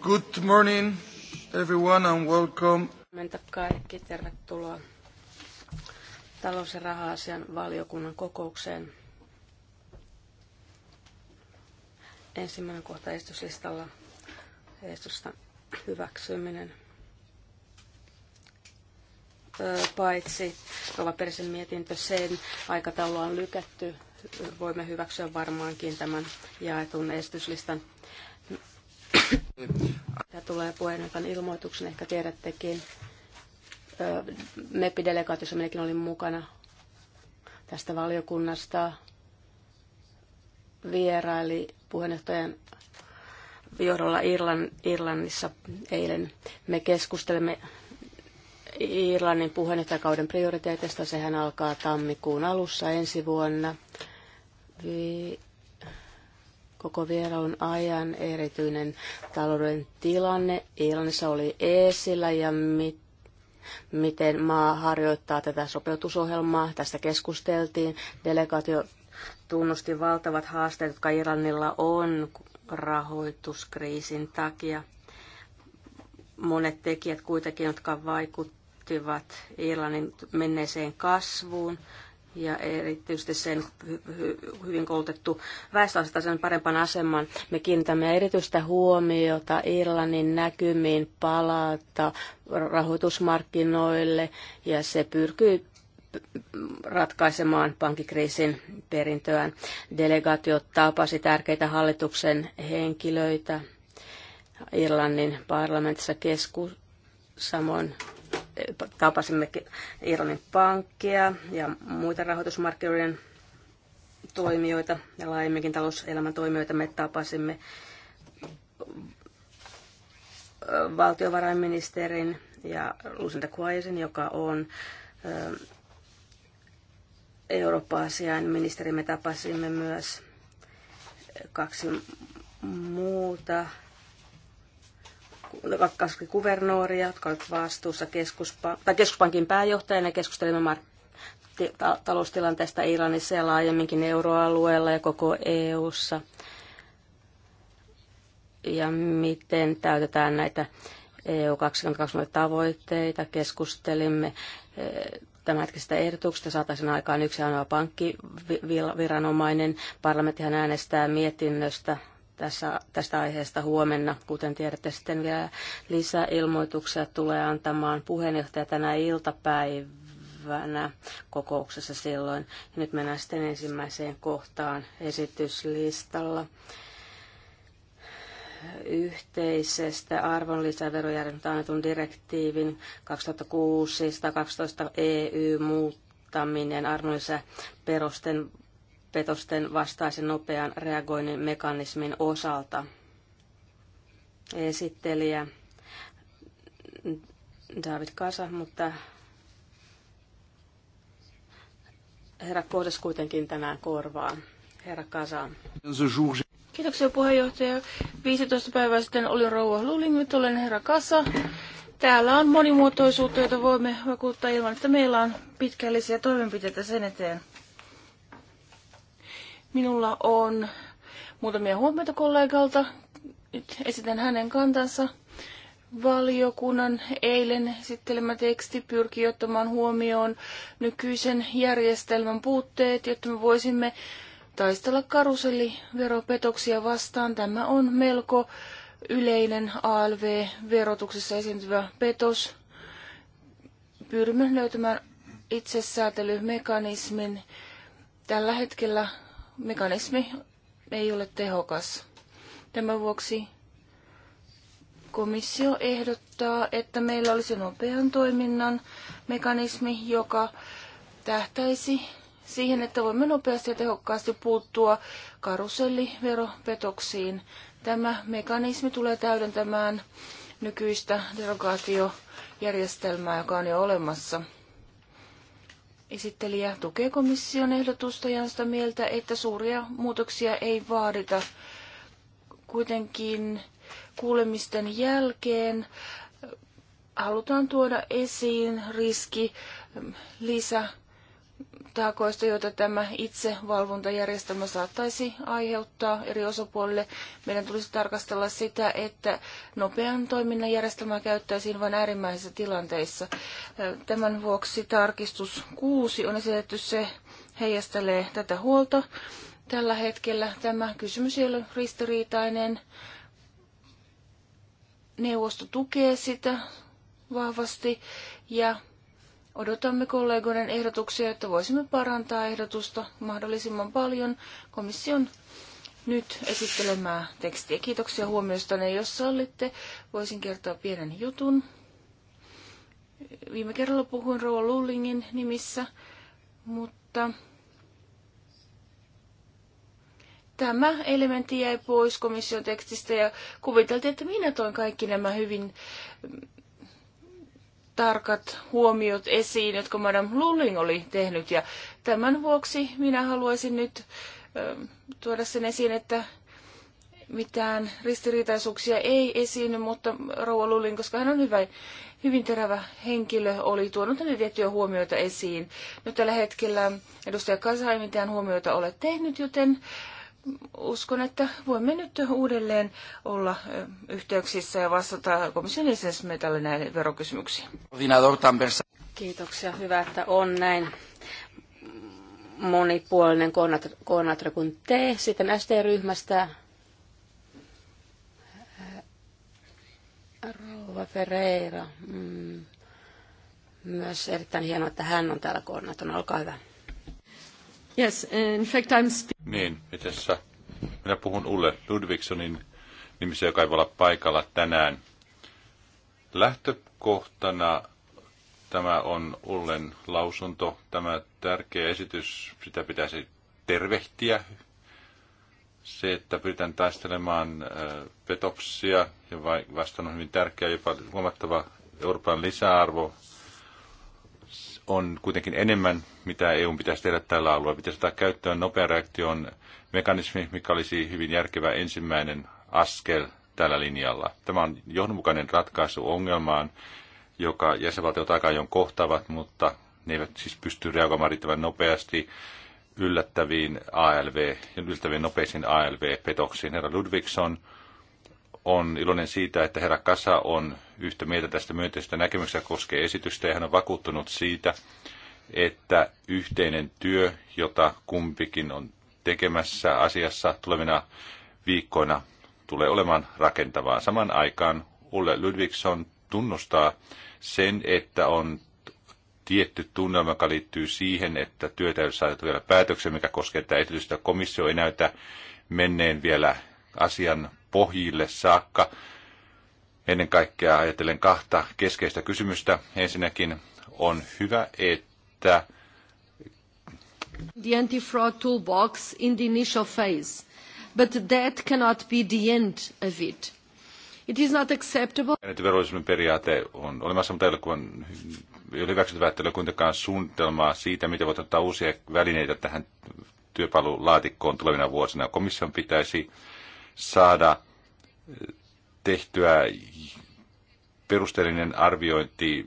Good morning everyone and welcome. Huomenta kaikki, tervetuloa talous- ja raha-asian valiokunnan kokoukseen. Ensimmäinen kohta estyslistalla. esitystä hyväksyminen paitsi Rova Persen mietintö, sen aikataulu on lykätty. Voimme hyväksyä varmaankin tämän jaetun estyslistan. Ja tulee puheenjohtajan ilmoituksen, ehkä tiedättekin. MEPI-delegaatiossa minäkin olin mukana tästä valiokunnasta. Vieraili puheenjohtajan johdolla Irlannissa eilen. Me keskustelemme Irlannin puheenjohtajakauden prioriteeteista. Sehän alkaa tammikuun alussa ensi vuonna. Vi- koko vierailun ajan erityinen talouden tilanne Irlannissa oli esillä ja mit- miten maa harjoittaa tätä sopeutusohjelmaa. Tästä keskusteltiin. Delegaatio tunnusti valtavat haasteet, jotka Irlannilla on rahoituskriisin takia. Monet tekijät kuitenkin, jotka vaikuttavat liittyvät Irlannin menneeseen kasvuun ja erityisesti sen hyvin koulutettu väestöasetta sen parempan aseman. Me kiinnitämme erityistä huomiota Irlannin näkymiin palata rahoitusmarkkinoille ja se pyrkii ratkaisemaan pankkikriisin perintöään. Delegaatio tapasi tärkeitä hallituksen henkilöitä Irlannin parlamentissa keskus, samoin tapasimmekin Irlannin pankkia ja muita rahoitusmarkkinoiden toimijoita ja laajemminkin talouselämän toimijoita. Me tapasimme valtiovarainministerin ja Lucinda Quaisen, joka on Eurooppa-asiain ministeri. Me tapasimme myös kaksi muuta kaksi kuvernooria, jotka olivat vastuussa keskuspa- tai keskuspankin pääjohtajana. Keskustelimme mark- ta- taloustilanteesta Iranissa ja laajemminkin euroalueella ja koko EU:ssa ja miten täytetään näitä EU 2020 tavoitteita. Keskustelimme e, tämänhetkisestä ehdotuksesta saataisiin aikaan yksi ainoa pankkiviranomainen. Parlamenttihan äänestää mietinnöstä tässä, tästä aiheesta huomenna. Kuten tiedätte, sitten vielä lisää tulee antamaan puheenjohtaja tänä iltapäivänä kokouksessa silloin. Ja nyt mennään sitten ensimmäiseen kohtaan esityslistalla yhteisestä arvonlisäverojärjestelmästä annetun direktiivin 2006-112 EU muuttaminen arvonlisäperusten petosten vastaisen nopean reagoinnin mekanismin osalta. Esittelijä David Kasa, mutta herra Kohdas kuitenkin tänään korvaa. Herra Kasa. Kiitoksia puheenjohtaja. 15 päivää sitten olin rouva Luling, nyt olen herra Kasa. Täällä on monimuotoisuutta, jota voimme vakuuttaa ilman, että meillä on pitkällisiä toimenpiteitä sen eteen. Minulla on muutamia huomioita kollegalta. Nyt esitän hänen kantansa. Valiokunnan eilen esittelemä teksti pyrkii ottamaan huomioon nykyisen järjestelmän puutteet, jotta me voisimme taistella karuselliveropetoksia vastaan. Tämä on melko yleinen ALV-verotuksessa esiintyvä petos. Pyrimme löytämään itsesäätelymekanismin. Tällä hetkellä mekanismi ei ole tehokas. Tämän vuoksi komissio ehdottaa, että meillä olisi nopean toiminnan mekanismi, joka tähtäisi siihen, että voimme nopeasti ja tehokkaasti puuttua karuselliveropetoksiin. Tämä mekanismi tulee täydentämään nykyistä derogaatiojärjestelmää, joka on jo olemassa. Esittelijä tukee komission ehdotusta ja on sitä mieltä, että suuria muutoksia ei vaadita. Kuitenkin kuulemisten jälkeen halutaan tuoda esiin riski mm, lisä taakoista, joita tämä itsevalvontajärjestelmä saattaisi aiheuttaa eri osapuolille. Meidän tulisi tarkastella sitä, että nopean toiminnan järjestelmää käyttäisiin vain äärimmäisissä tilanteissa. Tämän vuoksi tarkistus 6 on esitetty, se heijastelee tätä huolta. Tällä hetkellä tämä kysymys ei ole ristiriitainen. Neuvosto tukee sitä vahvasti ja Odotamme kollegoiden ehdotuksia, että voisimme parantaa ehdotusta mahdollisimman paljon komission nyt esittelemää tekstiä. Kiitoksia huomiostanne. Jos sallitte, voisin kertoa pienen jutun. Viime kerralla puhuin Rouva Lullingin nimissä, mutta tämä elementti jäi pois komission tekstistä ja kuviteltiin, että minä toin kaikki nämä hyvin tarkat huomiot esiin, jotka Madame Lulling oli tehnyt. Ja tämän vuoksi minä haluaisin nyt ö, ähm, tuoda sen esiin, että mitään ristiriitaisuuksia ei esiin, mutta Rouva Lulling, koska hän on hyvä, hyvin terävä henkilö, oli tuonut näitä tiettyjä huomioita esiin. Nyt tällä hetkellä edustaja Kasa ei mitään huomioita ole tehnyt, joten uskon, että voimme nyt uudelleen olla yhteyksissä ja vastata komission jäsenmetalle näihin verokysymyksiin. Kiitoksia. Hyvä, että on näin monipuolinen koordinaattori kuin te. Sitten ST-ryhmästä Rouva Ferreira. Mm. Myös erittäin hienoa, että hän on täällä koordinaattorina. Olkaa hyvä. Yes, in fact I'm... Niin, itse minä puhun Ulle Ludvigsonin nimissä, joka ei voi olla paikalla tänään. Lähtökohtana tämä on Ullen lausunto. Tämä tärkeä esitys, sitä pitäisi tervehtiä. Se, että pyritään taistelemaan äh, petoksia ja vastaan on hyvin tärkeä, jopa huomattava Euroopan lisäarvo on kuitenkin enemmän, mitä EU pitäisi tehdä tällä alueella. Pitäisi ottaa käyttöön nopean reaktion mekanismi, mikä olisi hyvin järkevä ensimmäinen askel tällä linjalla. Tämä on johdonmukainen ratkaisu ongelmaan, joka jäsenvaltiot aika ajoin kohtaavat, mutta ne eivät siis pysty reagoimaan riittävän nopeasti yllättäviin ALV, yllättäviin nopeisiin ALV-petoksiin. Herra Ludvigson on iloinen siitä, että herra Kasa on yhtä mieltä tästä myönteisestä näkemyksestä koskee esitystä ja hän on vakuuttunut siitä, että yhteinen työ, jota kumpikin on tekemässä asiassa tulevina viikkoina, tulee olemaan rakentavaa. Saman aikaan Ulle Ludvigsson tunnustaa sen, että on tietty tunnelma, joka liittyy siihen, että työtä ei saada vielä päätöksen, mikä koskee tätä esitystä. Komissio ei näytä menneen vielä asian pohjille saakka. Ennen kaikkea ajatellen kahta keskeistä kysymystä. Ensinnäkin on hyvä, että the anti-fraud toolbox in the initial phase, but that cannot be the end of it. It is not acceptable. Verollisen periaate on olemassa, mutta ei ole, kun ei ole hyväksyttävää, että ei ole kuitenkaan suunnitelmaa siitä, miten voit ottaa uusia välineitä tähän työpalulaatikkoon tulevina vuosina. Komission pitäisi saada eh, tehtyä perusteellinen arviointi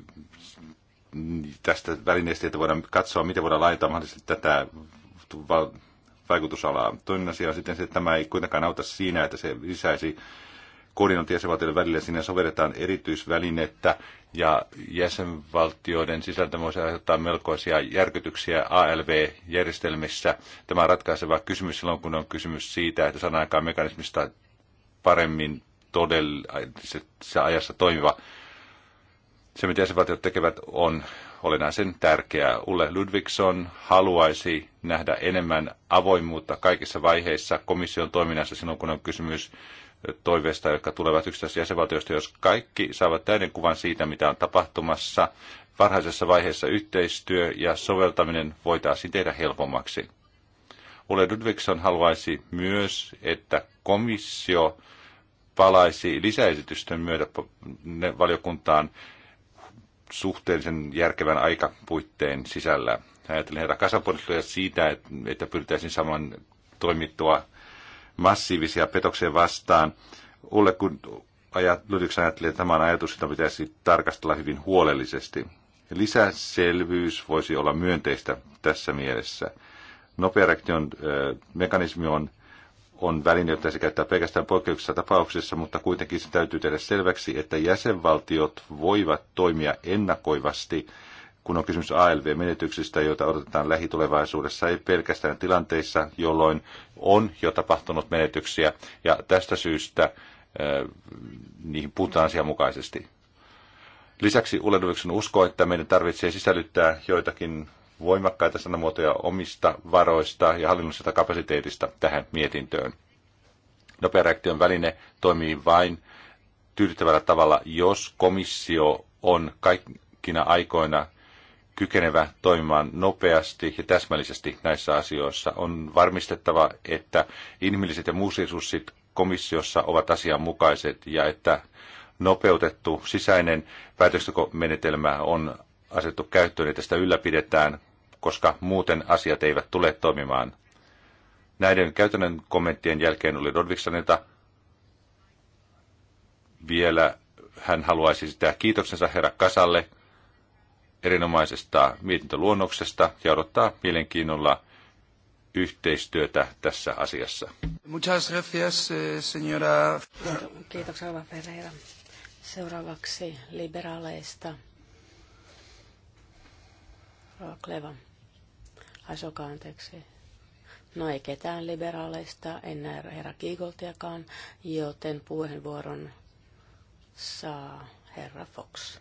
tästä välineestä, että voidaan katsoa, miten voidaan laajentaa mahdollisesti tätä vaikutusalaa. Toinen asia on sitten se, että tämä ei kuitenkaan auta siinä, että se lisäisi koordinointi jäsenvaltioiden välillä. Siinä sovelletaan erityisvälinettä ja jäsenvaltioiden sisältä voisi aiheuttaa melkoisia järkytyksiä ALV-järjestelmissä. Tämä on ratkaiseva kysymys silloin, kun on kysymys siitä, että saadaan aikaan mekanismista paremmin todellisessa ajassa toimiva. Se, mitä jäsenvaltiot tekevät, on olennaisen tärkeää. Ulle Ludvigson haluaisi nähdä enemmän avoimuutta kaikissa vaiheissa komission toiminnassa silloin, kun on kysymys toiveista, jotka tulevat yksittäisistä jäsenvaltioista, jos kaikki saavat täyden kuvan siitä, mitä on tapahtumassa, varhaisessa vaiheessa yhteistyö ja soveltaminen voitaisiin tehdä helpommaksi. Ole Ludvigson haluaisi myös, että komissio palaisi lisäesitysten myötä valiokuntaan suhteellisen järkevän aikapuitteen sisällä. Ajattelin herra Kasapuolella siitä, että, että pyritäisiin saman toimittua massiivisia petoksia vastaan. Ulle, kun Ludiks ajattelee, että tämä on ajatus, jota pitäisi tarkastella hyvin huolellisesti. Lisäselvyys voisi olla myönteistä tässä mielessä. Nopearektion mekanismi on, on väline, jota se käyttää pelkästään poikkeuksissa tapauksissa, mutta kuitenkin se täytyy tehdä selväksi, että jäsenvaltiot voivat toimia ennakoivasti – kun on kysymys ALV-menetyksistä, joita odotetaan lähitulevaisuudessa, ei pelkästään tilanteissa, jolloin on jo tapahtunut menetyksiä, ja tästä syystä niihin puhutaan asianmukaisesti. Lisäksi Uledoviksen usko, että meidän tarvitsee sisällyttää joitakin voimakkaita sanamuotoja omista varoista ja hallinnollisesta kapasiteetista tähän mietintöön. Nopeareaktion väline toimii vain tyydyttävällä tavalla, jos komissio on kaikkina aikoina kykenevä toimimaan nopeasti ja täsmällisesti näissä asioissa. On varmistettava, että inhimilliset ja muut resurssit komissiossa ovat asianmukaiset ja että nopeutettu sisäinen päätöksentekomenetelmä on asettu käyttöön ja tästä ylläpidetään, koska muuten asiat eivät tule toimimaan. Näiden käytännön kommenttien jälkeen oli Rodviksanilta vielä hän haluaisi sitä kiitoksensa herra Kasalle erinomaisesta mietintöluonnoksesta ja odottaa mielenkiinnolla yhteistyötä tässä asiassa. Muchas gracias, eh, señora. Kiitoksia, Ava Pereira. Seuraavaksi liberaaleista. Kleva. Asoka, anteeksi. No ei ketään liberaaleista, en näe herra Kiigoltiakaan, joten puheenvuoron saa herra Fox.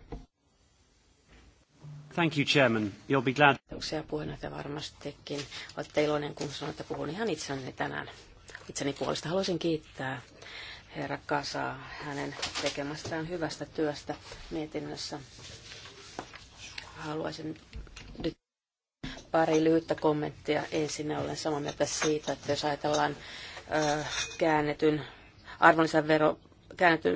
Thank you, Chairman. You'll be glad. Kiitoksia puheenjohtaja varmastikin. Olette iloinen, kun sanon, että puhun ihan itseni tänään. Itseni puolesta haluaisin kiittää herra Kasaa hänen tekemästään hyvästä työstä mietinnössä. Haluaisin nyt pari lyhyttä kommenttia. Ensin olen samaa mieltä siitä, että jos ajatellaan ö, käännetyn arvonlisävero käännettyä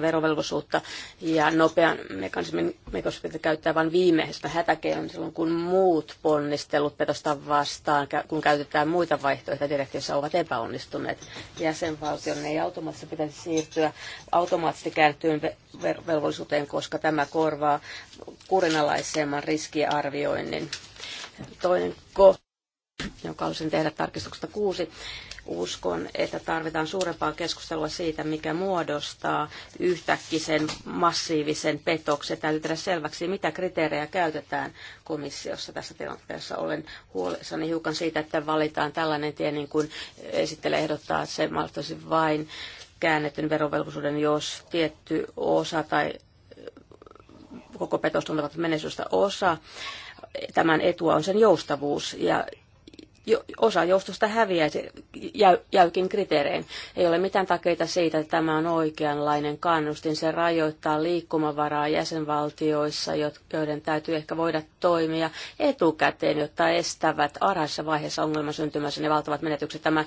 verovelvollisuutta ja nopean mekanismin mekanismin käyttää vain viimeistä hätäkeinoa silloin, kun muut ponnistelut petosta vastaan, kun käytetään muita vaihtoehtoja direktiossa ovat epäonnistuneet. Jäsenvaltion ei automaattisesti pitäisi siirtyä automaattisesti käännettyyn velvollisuuteen, koska tämä korvaa kurinalaisemman riskiarvioinnin. Toinen kohta, jonka halusin tehdä tarkistuksesta kuusi, Uskon, että tarvitaan suurempaa keskustelua siitä, mikä muodostaa yhtäkkisen massiivisen petoksen. Täytyy tehdä selväksi, mitä kriteerejä käytetään komissiossa tässä tilanteessa. Olen huolissani hiukan siitä, että valitaan tällainen tie, niin kuin esittelee ehdottaa, että se mahdollisesti vain käännetyn verovelvollisuuden, jos tietty osa tai koko petostuntava menestystä osa. Tämän etua on sen joustavuus ja osa joustosta häviäisi jäykin kriteerein. Ei ole mitään takeita siitä, että tämä on oikeanlainen kannustin. Se rajoittaa liikkumavaraa jäsenvaltioissa, joiden täytyy ehkä voida toimia etukäteen, jotta estävät arhaisessa vaiheessa ongelman syntymässä ne valtavat menetykset. Tämä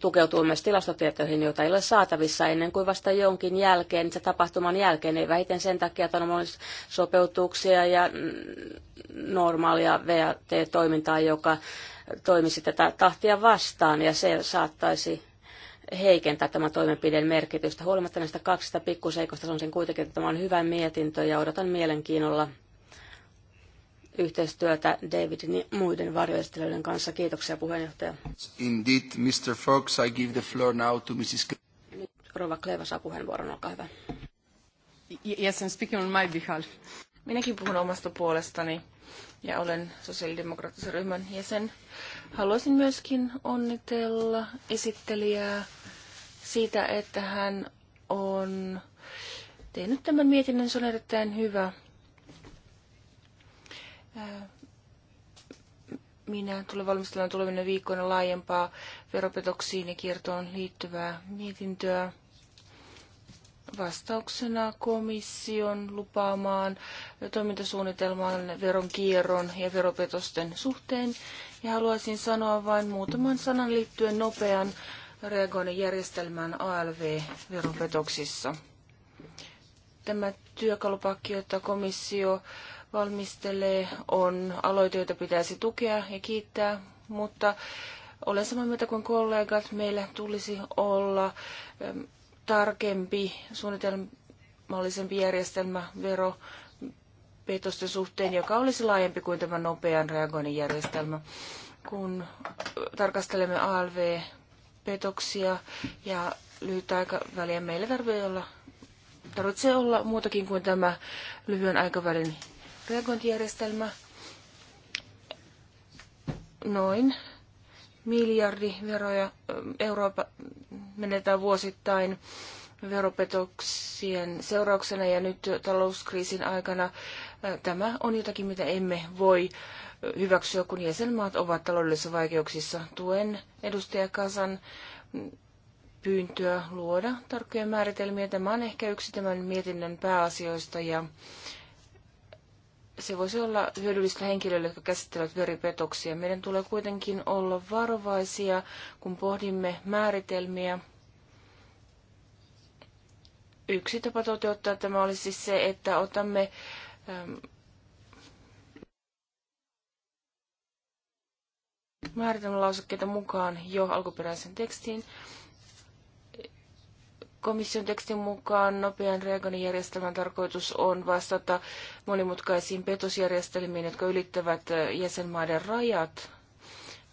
tukeutuu myös tilastotietoihin, joita ei ole saatavissa ennen kuin vasta jonkin jälkeen, se tapahtuman jälkeen, ei vähiten sen takia, että on sopeutuksia ja normaalia VAT-toimintaa, joka toimisi tätä tahtia vastaan ja se saattaisi heikentää tämän toimenpideen merkitystä. Huolimatta näistä kaksista pikkuseikosta sen kuitenkin, että tämä on hyvä mietintö ja odotan mielenkiinnolla yhteistyötä Davidin ja muiden varjoistelijoiden kanssa. Kiitoksia puheenjohtaja. Indeed, Mr. Fox, I give the floor now to Mrs. Nyt Rova Kleva saa puheenvuoron, olkaa hyvä. Yes, I'm speaking on my behalf. Minäkin puhun omasta puolestani ja olen sosiaalidemokraattisen ryhmän jäsen. Haluaisin myöskin onnitella esittelijää siitä, että hän on tehnyt tämän mietinnön. Se on erittäin hyvä. Äh, minä tulen valmistelemaan tulevina viikkoina laajempaa veropetoksiin ja kiertoon liittyvää mietintöä vastauksena komission lupaamaan toimintasuunnitelman veronkierron ja veropetosten suhteen. Ja haluaisin sanoa vain muutaman sanan liittyen nopean reagoinnin järjestelmään ALV-veropetoksissa. Tämä työkalupakki, jota komissio valmistelee, on aloite, jota pitäisi tukea ja kiittää, mutta olen samaa mieltä kuin kollegat, meillä tulisi olla tarkempi, suunnitelmallisempi järjestelmä vero petosten suhteen, joka olisi laajempi kuin tämä nopean reagoinnin järjestelmä. Kun tarkastelemme ALV-petoksia ja lyhyttä aikaväliä, meillä tarvitsee olla, tarvitsee olla muutakin kuin tämä lyhyen aikavälin reagointijärjestelmä. Noin miljardi veroja Eurooppa menetään vuosittain veropetoksien seurauksena ja nyt talouskriisin aikana tämä on jotakin, mitä emme voi hyväksyä, kun jäsenmaat ovat taloudellisissa vaikeuksissa. Tuen edustaja pyyntöä luoda tarkkoja määritelmiä. Tämä on ehkä yksi tämän mietinnön pääasioista ja se voisi olla hyödyllistä henkilöille, jotka käsittelevät veripetoksia. Meidän tulee kuitenkin olla varovaisia, kun pohdimme määritelmiä. Yksi tapa toteuttaa tämä olisi siis se, että otamme ähm, määritelmälausekkeita mukaan jo alkuperäisen tekstiin. Komission tekstin mukaan nopean reagoinnin järjestelmän tarkoitus on vastata monimutkaisiin petosjärjestelmiin, jotka ylittävät jäsenmaiden rajat.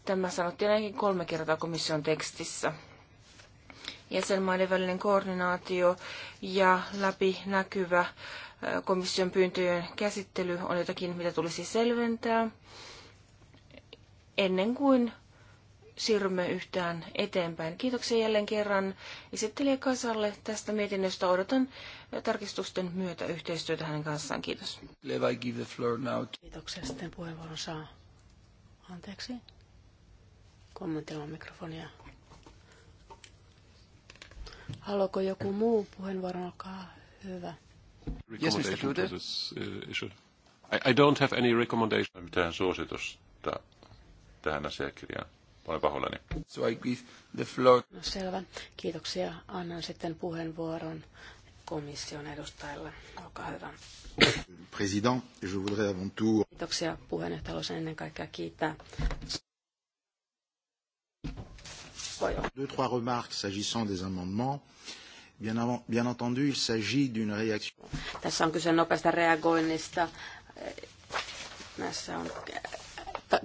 Tämä sanottiin ainakin kolme kertaa komission tekstissä. Jäsenmaiden välinen koordinaatio ja läpinäkyvä komission pyyntöjen käsittely on jotakin, mitä tulisi selventää ennen kuin siirrymme yhtään eteenpäin. Kiitoksia jälleen kerran esittelijä Kasalle tästä mietinnöstä. Odotan tarkistusten myötä yhteistyötä hänen kanssaan. Kiitos. Kiitoksia. Sitten puheenvuoron saa. Anteeksi. Kommentoimaan mikrofonia. Haluaako joku muu puheenvuoron? Olkaa hyvä. Yes, uh, I, I don't have any recommendation. Mitään suositusta tähän asiakirjaan. Olen pahoillani. So I give the floor. No selvä. Kiitoksia. Annan sitten puheenvuoron komission edustajalle. Olkaa hyvä. President, je voudrais avant tout... Kiitoksia puheenjohtaja. Haluaisin ennen kaikkea kiittää Deux, trois remarques s'agissant des amendements. Bien, avant, bien entendu, il s'agit d'une réaction. Tässä on kyse nopeasta reagoinnista. Näissä on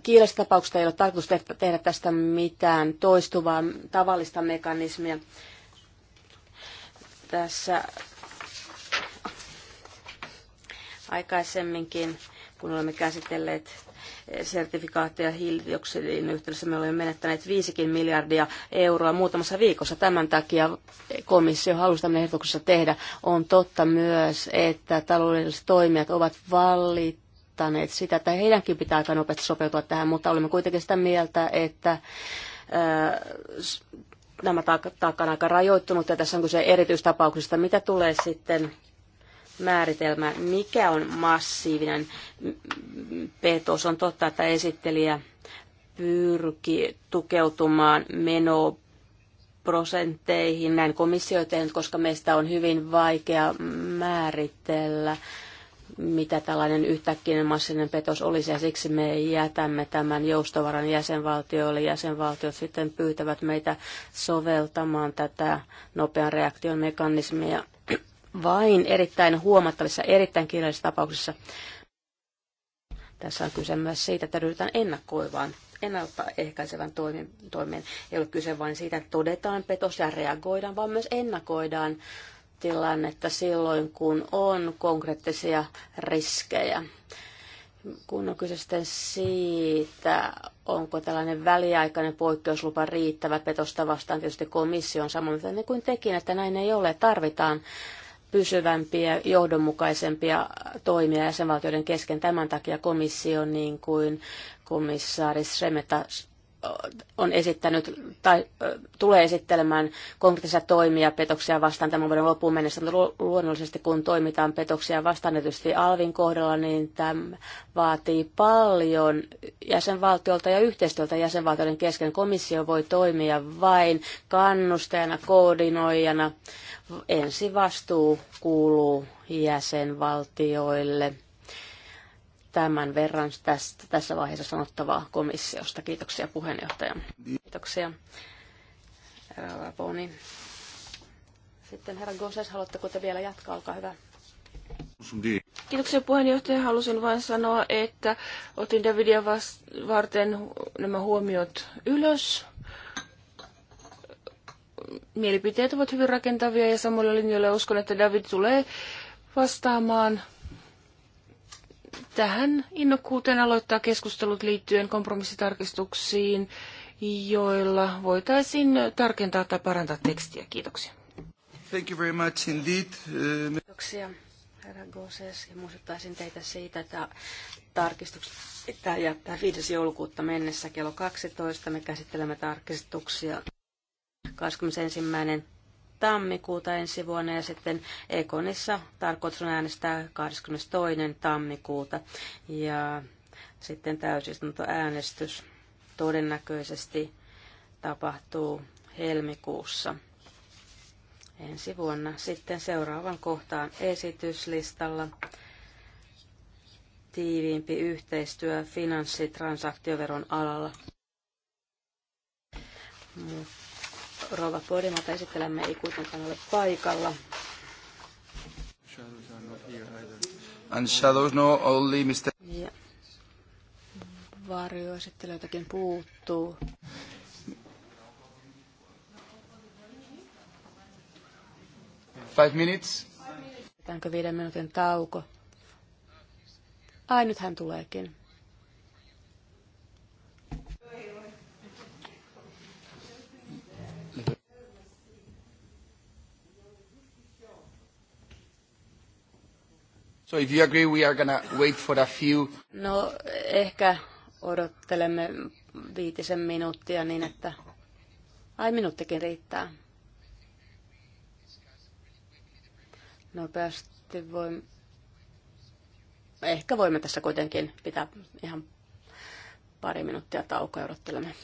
kiireistä tapauksista ei ole tarkoitus tehdä tästä mitään toistuvaa tavallista mekanismia. Tässä aikaisemminkin, kun olemme käsitelleet sertifikaatteja hiilidioksidin yhteydessä, me olemme menettäneet 5 miljardia euroa muutamassa viikossa. Tämän takia komissio halusi tämän ehdotuksessa tehdä. On totta myös, että taloudelliset toimijat ovat valit korostaneet sitä, että heidänkin pitää aika nopeasti sopeutua tähän, mutta olemme kuitenkin sitä mieltä, että nämä taakka on aika rajoittunut ja tässä on kyse erityistapauksista. Mitä tulee sitten määritelmä, mikä on massiivinen petos? On totta, että esittelijä pyrki tukeutumaan meno prosentteihin, näin komissio koska meistä on hyvin vaikea määritellä mitä tällainen yhtäkkinen massinen petos olisi, ja siksi me jätämme tämän joustovaran jäsenvaltioille. Jäsenvaltiot sitten pyytävät meitä soveltamaan tätä nopean reaktion mekanismia vain erittäin huomattavissa, erittäin kiireellisissä tapauksissa. Tässä on kyse myös siitä, että ryhdytään ennakoivaan ennaltaehkäisevän toimen, toimeen. Ei ole kyse vain siitä, että todetaan petos ja reagoidaan, vaan myös ennakoidaan tilannetta silloin, kun on konkreettisia riskejä. Kun on kyse sitten siitä, onko tällainen väliaikainen poikkeuslupa riittävä petosta vastaan, tietysti komissio on että ne niin kuin tekin, että näin ei ole. Tarvitaan pysyvämpiä, johdonmukaisempia toimia jäsenvaltioiden kesken. Tämän takia komissio, niin kuin komissaari Sremeta on esittänyt tai tulee esittelemään konkreettisia toimia petoksia vastaan tämän vuoden loppuun mennessä, mutta luonnollisesti kun toimitaan petoksia vastaan tietysti Alvin kohdalla, niin tämä vaatii paljon jäsenvaltiolta ja yhteistyöltä jäsenvaltioiden kesken. Komissio voi toimia vain kannustajana, koordinoijana. Ensi vastuu kuuluu jäsenvaltioille tämän verran tästä, tässä vaiheessa sanottavaa komissiosta. Kiitoksia puheenjohtaja. Kiitoksia. Poni. Sitten herra Gosses, haluatteko te vielä jatkaa? Olkaa hyvä. Kiitoksia puheenjohtaja. Halusin vain sanoa, että otin Davidia varten nämä huomiot ylös. Mielipiteet ovat hyvin rakentavia ja samalla linjoilla uskon, että David tulee vastaamaan tähän innokkuuteen aloittaa keskustelut liittyen kompromissitarkistuksiin, joilla voitaisiin tarkentaa tai parantaa tekstiä. Kiitoksia. Thank you very much indeed. Uh, Kiitoksia, herra Goses, ja muistuttaisin teitä siitä, että tarkistukset pitää jättää 5. joulukuuta mennessä kello 12. Me käsittelemme tarkistuksia 21 tammikuuta ensi vuonna ja sitten Ekonissa tarkoitus on äänestää 22. tammikuuta ja sitten äänestys todennäköisesti tapahtuu helmikuussa ensi vuonna. Sitten seuraavan kohtaan esityslistalla tiiviimpi yhteistyö finanssitransaktioveron alalla. Mutta Rova Podimata esittelemme ei kuitenkaan ole paikalla. And shadows no only Mr. Ja. Varjoesittelijöitäkin puuttuu. Five minutes. Pitäänkö viiden minuutin tauko? Ai, nyt hän tuleekin. So if you agree, we are gonna wait for a few... No, ehkä odottelemme viitisen minuuttia niin, että... Ai, minuuttikin riittää. Nopeasti voi... Ehkä voimme tässä kuitenkin pitää ihan pari minuuttia taukoa ja odottelemme.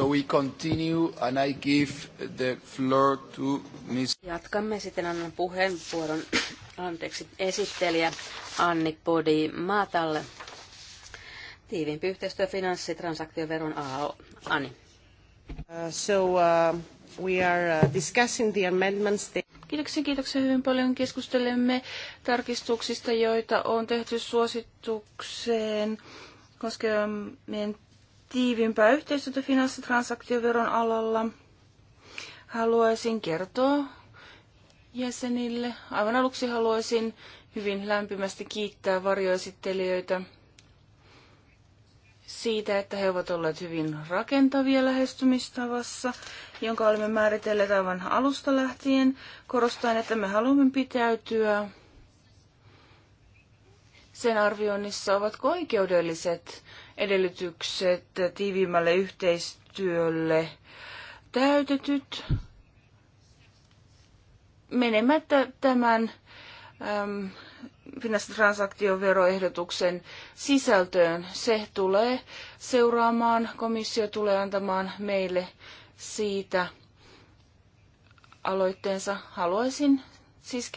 we continue and I give the floor to Ms. Jatkamme sitten annan puheenvuoron anteeksi, esittelijä Anni Podi Maatalle. Tiiviimpi yhteistyö finanssitransaktioveron AO. Anni. Uh, so uh, we are uh, discussing the amendments. That... Kiitoksia, kiitoksia hyvin paljon. Keskustelemme tarkistuksista, joita on tehty suositukseen koskevien tiivimpää yhteistyötä finanssitransaktioveron alalla. Haluaisin kertoa jäsenille. Aivan aluksi haluaisin hyvin lämpimästi kiittää varjoesittelijöitä siitä, että he ovat olleet hyvin rakentavia lähestymistavassa, jonka olemme määritelleet aivan alusta lähtien, Korostan, että me haluamme pitäytyä sen arvioinnissa, ovatko oikeudelliset edellytykset tiiviimmälle yhteistyölle täytetyt menemättä tämän äm, finanssitransaktioveroehdotuksen sisältöön. Se tulee seuraamaan, komissio tulee antamaan meille siitä aloitteensa. Haluaisin siis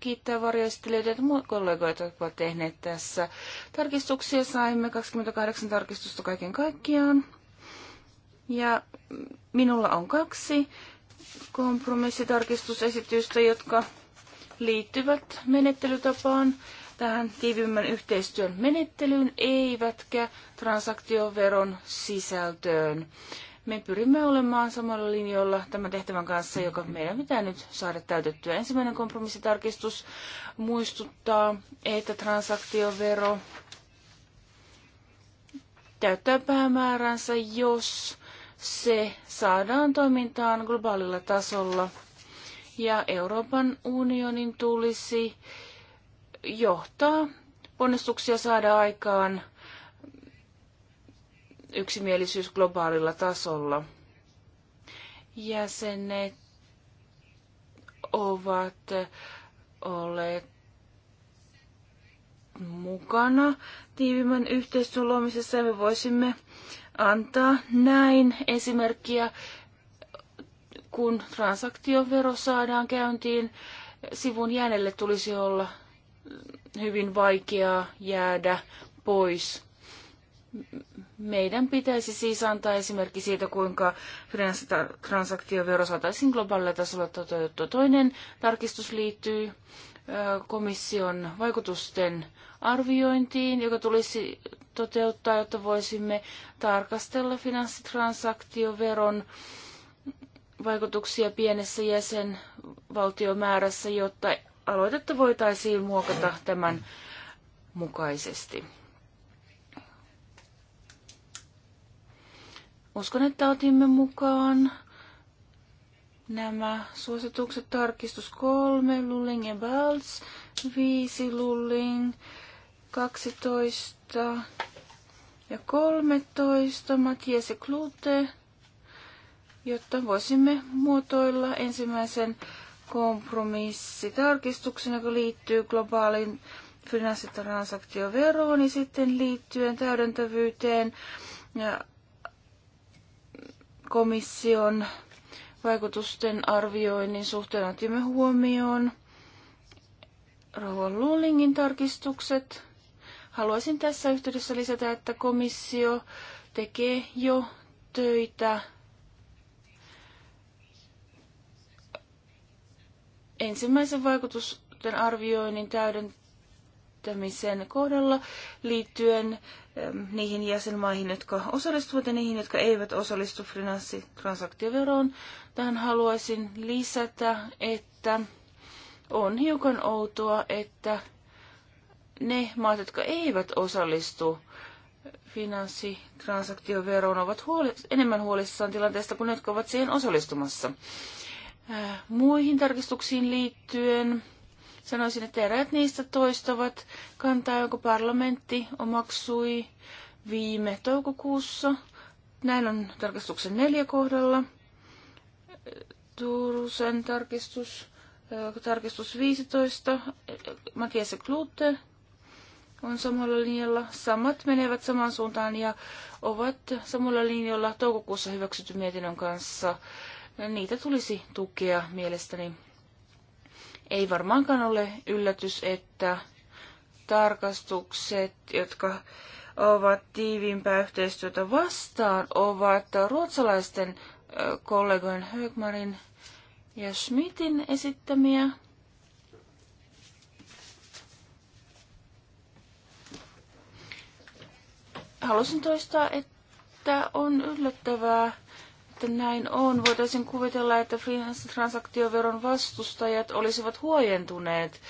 kiittää varjoistelijoita ja kollegoita, jotka ovat tehneet tässä. Tarkistuksia saimme 28 tarkistusta kaiken kaikkiaan. Ja minulla on kaksi kompromissitarkistusesitystä, jotka liittyvät menettelytapaan tähän tiivimmän yhteistyön menettelyyn, eivätkä transaktioveron sisältöön. Me pyrimme olemaan samalla linjoilla tämän tehtävän kanssa, joka meidän pitää nyt saada täytettyä. Ensimmäinen kompromissitarkistus muistuttaa, että transaktiovero täyttää päämääränsä, jos se saadaan toimintaan globaalilla tasolla. Ja Euroopan unionin tulisi johtaa ponnistuksia saada aikaan yksimielisyys globaalilla tasolla. Jäsenet ovat olleet mukana tiivimmän yhteistyön luomisessa ja me voisimme antaa näin esimerkkiä, kun transaktiovero saadaan käyntiin, sivun jäänelle tulisi olla hyvin vaikeaa jäädä pois. Meidän pitäisi siis antaa esimerkki siitä, kuinka finanssitransaktiovero saataisiin globaalilla tasolla toteutettua. Toinen tarkistus liittyy komission vaikutusten arviointiin, joka tulisi toteuttaa, jotta voisimme tarkastella finanssitransaktioveron vaikutuksia pienessä jäsenvaltiomäärässä, jotta aloitetta voitaisiin muokata tämän mukaisesti. Uskon, että otimme mukaan nämä suositukset. Tarkistus kolme, Lulling ja Bells, viisi Lulling, 12 ja 13, Matias ja Klute, jotta voisimme muotoilla ensimmäisen kompromissitarkistuksen, joka liittyy globaalin finanssitransaktioveroon ja sitten liittyen täydentävyyteen ja komission vaikutusten arvioinnin suhteen otimme huomioon Rouva Lullingin tarkistukset. Haluaisin tässä yhteydessä lisätä, että komissio tekee jo töitä ensimmäisen vaikutusten arvioinnin täydentämiseksi kehittämisen kohdalla liittyen ähm, niihin jäsenmaihin, jotka osallistuvat ja niihin, jotka eivät osallistu finanssitransaktioveroon. Tähän haluaisin lisätä, että on hiukan outoa, että ne maat, jotka eivät osallistu finanssitransaktioveroon, ovat huoli- enemmän huolissaan tilanteesta kuin ne, jotka ovat siihen osallistumassa. Äh, muihin tarkistuksiin liittyen Sanoisin, että eräät niistä toistavat kantaa, jonka parlamentti omaksui viime toukokuussa. Näin on tarkastuksen neljä kohdalla. Turusen tarkistus, äh, tarkistus 15, Matias Klute on samalla linjalla. Samat menevät samaan suuntaan ja ovat samalla linjalla toukokuussa hyväksytty mietinnön kanssa. Niitä tulisi tukea mielestäni. Ei varmaankaan ole yllätys, että tarkastukset, jotka ovat tiiviimpää yhteistyötä vastaan, ovat ruotsalaisten kollegojen Högmarin ja Schmidtin esittämiä. Halusin toistaa, että on yllättävää, että näin on. Voitaisiin kuvitella, että finanssitransaktioveron vastustajat olisivat huojentuneet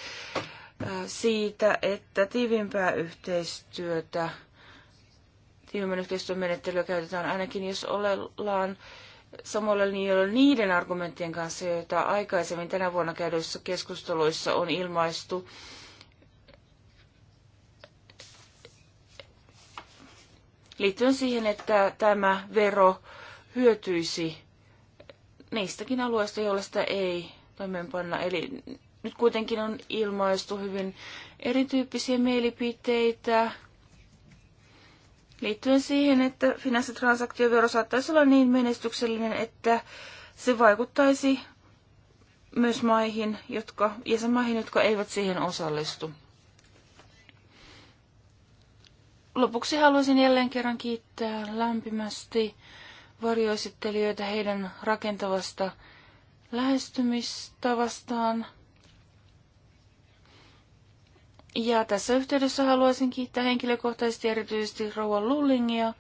äh, siitä, että tiivimpää yhteistyötä, tiivimmän yhteistyömenettelyä käytetään ainakin, jos ollaan samoilla linjoilla niiden argumenttien kanssa, joita aikaisemmin tänä vuonna käydyissä keskusteluissa on ilmaistu. liittyen siihen, että tämä vero hyötyisi niistäkin alueista, joilla sitä ei toimeenpanna. Eli nyt kuitenkin on ilmaistu hyvin erityyppisiä mielipiteitä liittyen siihen, että finanssitransaktiovero saattaisi olla niin menestyksellinen, että se vaikuttaisi myös maihin, jotka, jäsenmaihin, jotka eivät siihen osallistu. Lopuksi haluaisin jälleen kerran kiittää lämpimästi varjoesittelijöitä heidän rakentavasta lähestymistavastaan. Ja tässä yhteydessä haluaisin kiittää henkilökohtaisesti erityisesti Rouva Lullingia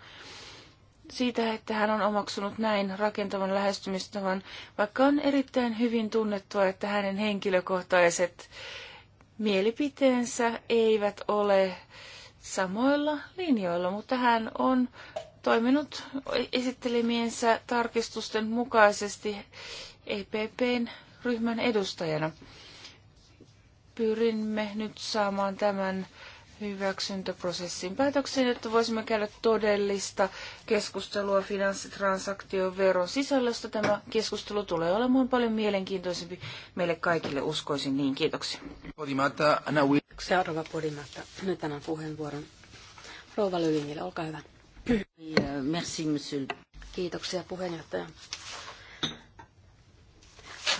siitä, että hän on omaksunut näin rakentavan lähestymistavan, vaikka on erittäin hyvin tunnettua, että hänen henkilökohtaiset mielipiteensä eivät ole samoilla linjoilla, mutta hän on toiminut esittelemiensä tarkistusten mukaisesti EPPn ryhmän edustajana. Pyrimme nyt saamaan tämän hyväksyntäprosessin päätökseen, että voisimme käydä todellista keskustelua finanssitransaktioveron sisällöstä. Tämä keskustelu tulee olemaan paljon mielenkiintoisempi meille kaikille, uskoisin niin. Kiitoksia. Podimata, Anna Seuraava Podimatta. Nyt tämän puheenvuoron Rouva Lylingille. Olkaa hyvä. Merci, monsieur. Kiitoksia puheenjohtaja.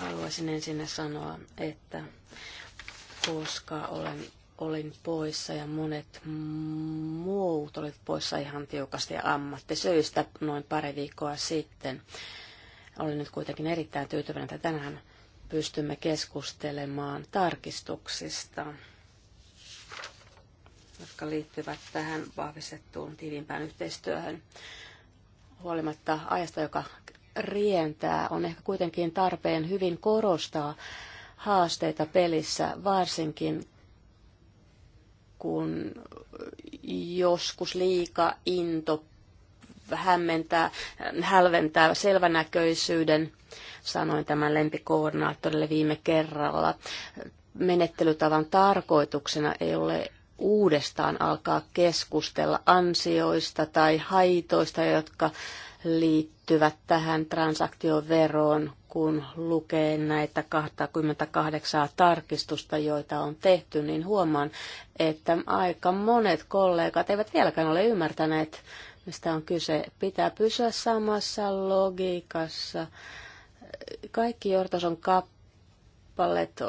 Haluaisin ensin sanoa, että koska olen, olin poissa ja monet muut olivat poissa ihan tiukasti ja ammattisyistä noin pari viikkoa sitten, olen nyt kuitenkin erittäin tyytyväinen, että tänään pystymme keskustelemaan tarkistuksista jotka liittyvät tähän vahvistettuun tiiviimpään yhteistyöhön. Huolimatta ajasta, joka rientää, on ehkä kuitenkin tarpeen hyvin korostaa haasteita pelissä, varsinkin kun joskus liika into hämmentää, hälventää selvänäköisyyden. Sanoin tämän lempikoordinaattorille viime kerralla. Menettelytavan tarkoituksena ei ole uudestaan alkaa keskustella ansioista tai haitoista, jotka liittyvät tähän transaktioveroon, kun lukee näitä 28 tarkistusta, joita on tehty, niin huomaan, että aika monet kollegat eivät vieläkään ole ymmärtäneet, mistä on kyse. Pitää pysyä samassa logiikassa. Kaikki Jortason kappaleet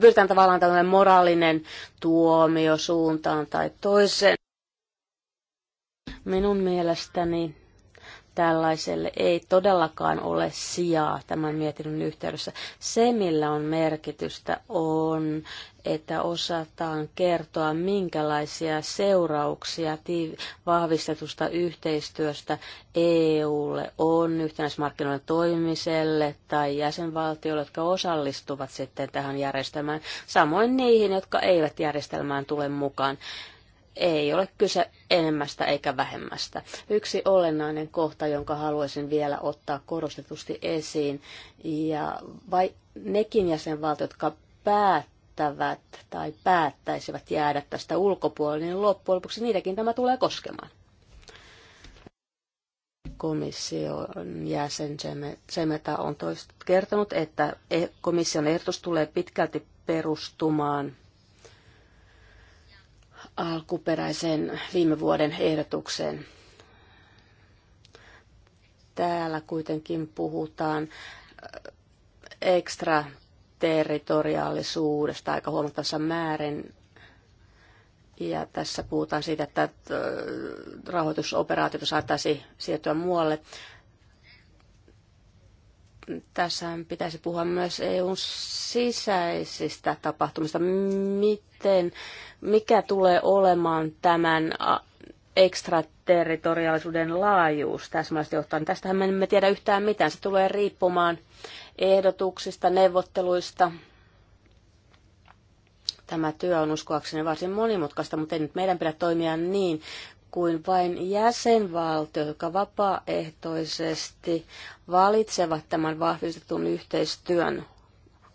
pyritään tavallaan tällainen moraalinen tuomio suuntaan tai toiseen. Minun mielestäni Tällaiselle ei todellakaan ole sijaa tämän mietinnön yhteydessä. Se, millä on merkitystä, on, että osataan kertoa, minkälaisia seurauksia vahvistetusta yhteistyöstä EUlle on yhtenäismarkkinoiden toimiselle tai jäsenvaltioille, jotka osallistuvat sitten tähän järjestelmään, samoin niihin, jotka eivät järjestelmään tule mukaan ei ole kyse enemmästä eikä vähemmästä. Yksi olennainen kohta, jonka haluaisin vielä ottaa korostetusti esiin, ja vai nekin jäsenvaltiot, jotka päättävät tai päättäisivät jäädä tästä ulkopuolelle, niin loppujen lopuksi niitäkin tämä tulee koskemaan. Komission jäsen Semeta on toista kertonut, että e- komission ehdotus tulee pitkälti perustumaan – alkuperäiseen viime vuoden ehdotukseen. Täällä kuitenkin puhutaan äh, ekstraterritoriaalisuudesta aika huomattavassa määrin. Ja tässä puhutaan siitä, että äh, rahoitusoperaatiota saattaisi siirtyä muualle tässä pitäisi puhua myös EUn sisäisistä tapahtumista. Miten, mikä tulee olemaan tämän ekstraterritoriaalisuuden laajuus täsmällisesti ottaen? Tästähän me emme tiedä yhtään mitään. Se tulee riippumaan ehdotuksista, neuvotteluista. Tämä työ on uskoakseni varsin monimutkaista, mutta ei nyt meidän pidä toimia niin kuin vain jäsenvaltio, joka vapaaehtoisesti valitsevat tämän vahvistetun yhteistyön,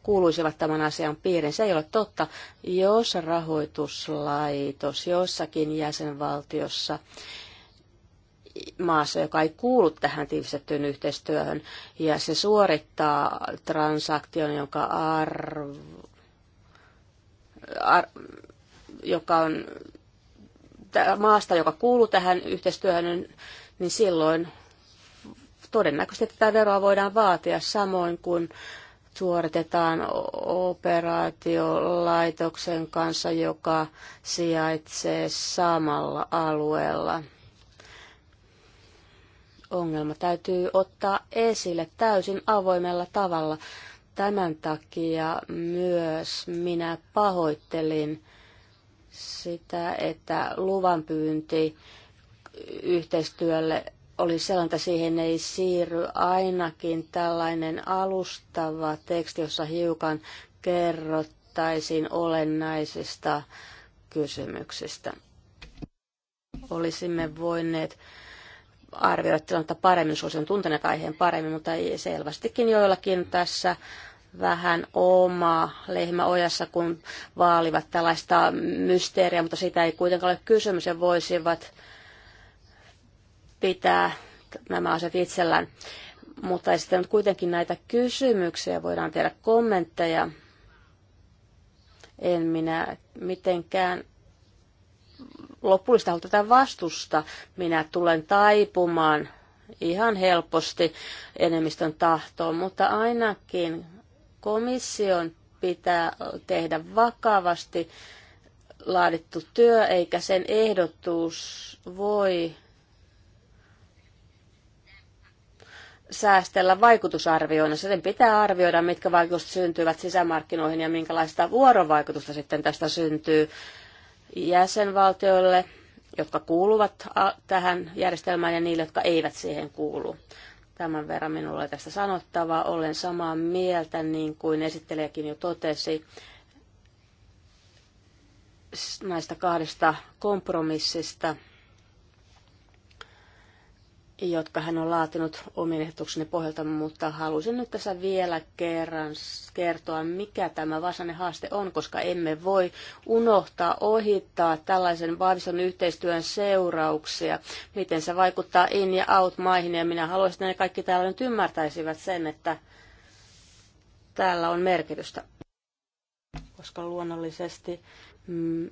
kuuluisivat tämän asian piirin. Se ei ole totta, jos rahoituslaitos jossakin jäsenvaltiossa maassa, joka ei kuulu tähän tiivistettyyn yhteistyöhön, ja se suorittaa transaktion, jonka arv... ar, joka on maasta, joka kuuluu tähän yhteistyöhön, niin silloin todennäköisesti tätä veroa voidaan vaatia samoin kuin suoritetaan operaatiolaitoksen kanssa, joka sijaitsee samalla alueella. Ongelma täytyy ottaa esille täysin avoimella tavalla. Tämän takia myös minä pahoittelin sitä, että luvanpyynti yhteistyölle oli sellainen, että siihen ei siirry ainakin tällainen alustava teksti, jossa hiukan kerrottaisiin olennaisista kysymyksistä. Olisimme voineet arvioida tilannetta paremmin, suosin tunteneet aiheen paremmin, mutta ei selvästikin joillakin tässä vähän oma lehmä ojassa, kun vaalivat tällaista mysteeriä, mutta sitä ei kuitenkaan ole kysymys ja voisivat pitää nämä asiat itsellään. Mutta sitten kuitenkin näitä kysymyksiä, voidaan tehdä kommentteja. En minä mitenkään lopullista tätä vastusta. Minä tulen taipumaan ihan helposti enemmistön tahtoon, mutta ainakin Komission pitää tehdä vakavasti laadittu työ, eikä sen ehdotus voi säästellä vaikutusarvioina. Sen pitää arvioida, mitkä vaikutukset syntyvät sisämarkkinoihin ja minkälaista vuorovaikutusta sitten tästä syntyy jäsenvaltioille, jotka kuuluvat tähän järjestelmään ja niille, jotka eivät siihen kuulu. Tämän verran minulle tästä sanottavaa. Olen samaa mieltä, niin kuin esittelijäkin jo totesi, näistä kahdesta kompromissista – jotka hän on laatinut omien ehdotuksenne pohjalta, mutta halusin nyt tässä vielä kerran kertoa, mikä tämä varsinainen haaste on, koska emme voi unohtaa, ohittaa tällaisen vahvistun yhteistyön seurauksia, miten se vaikuttaa in- ja out-maihin, ja minä haluaisin, että ne kaikki täällä nyt ymmärtäisivät sen, että täällä on merkitystä, koska luonnollisesti mm,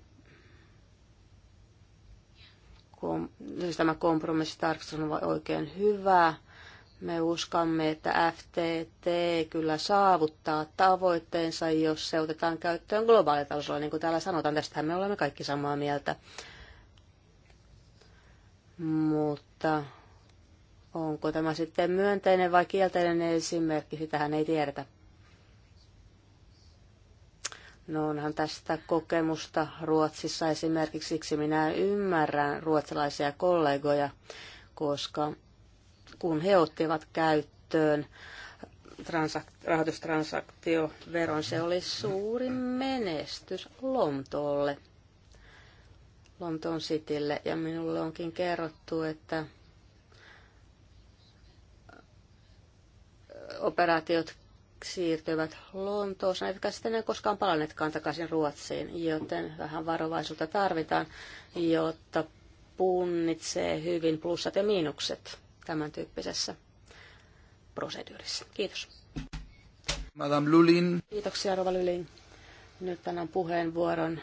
siis tämä kompromissi on oikein hyvä. Me uskamme, että FTT kyllä saavuttaa tavoitteensa, jos se otetaan käyttöön globaalitasolla, niin kuin täällä sanotaan. Tästähän me olemme kaikki samaa mieltä. Mutta onko tämä sitten myönteinen vai kielteinen esimerkki, sitähän ei tiedetä. No onhan tästä kokemusta Ruotsissa esimerkiksi, siksi minä ymmärrän ruotsalaisia kollegoja, koska kun he ottivat käyttöön transak- rahoitustransaktioveron, se oli suuri menestys Lontoolle, Lontoon Citylle. Ja minulle onkin kerrottu, että operaatiot siirtyivät Lontoossa, eivätkä sitten enää koskaan palanneetkaan takaisin Ruotsiin, joten vähän varovaisuutta tarvitaan, jotta punnitsee hyvin plussat ja miinukset tämän tyyppisessä proseduurissa. Kiitos. Madame Lulin. Kiitoksia, Rova Lulin. Nyt annan puheenvuoron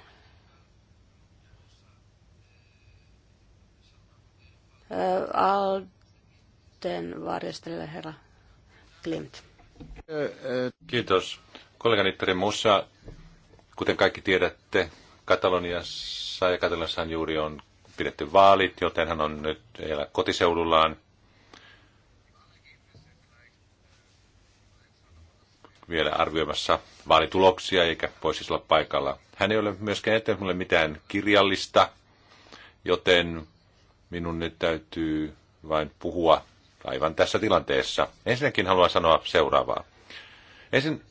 Alden varjostelijalle herra Klimt. Kiitos. Kollega Nitteri Musa, kuten kaikki tiedätte, Kataloniassa ja Kataloniassahan juuri on pidetty vaalit, joten hän on nyt vielä kotiseudullaan. vielä arvioimassa vaalituloksia, eikä voisi siis olla paikalla. Hän ei ole myöskään eteen mulle mitään kirjallista, joten minun nyt täytyy vain puhua aivan tässä tilanteessa. Ensinnäkin haluan sanoa seuraavaa. Ensin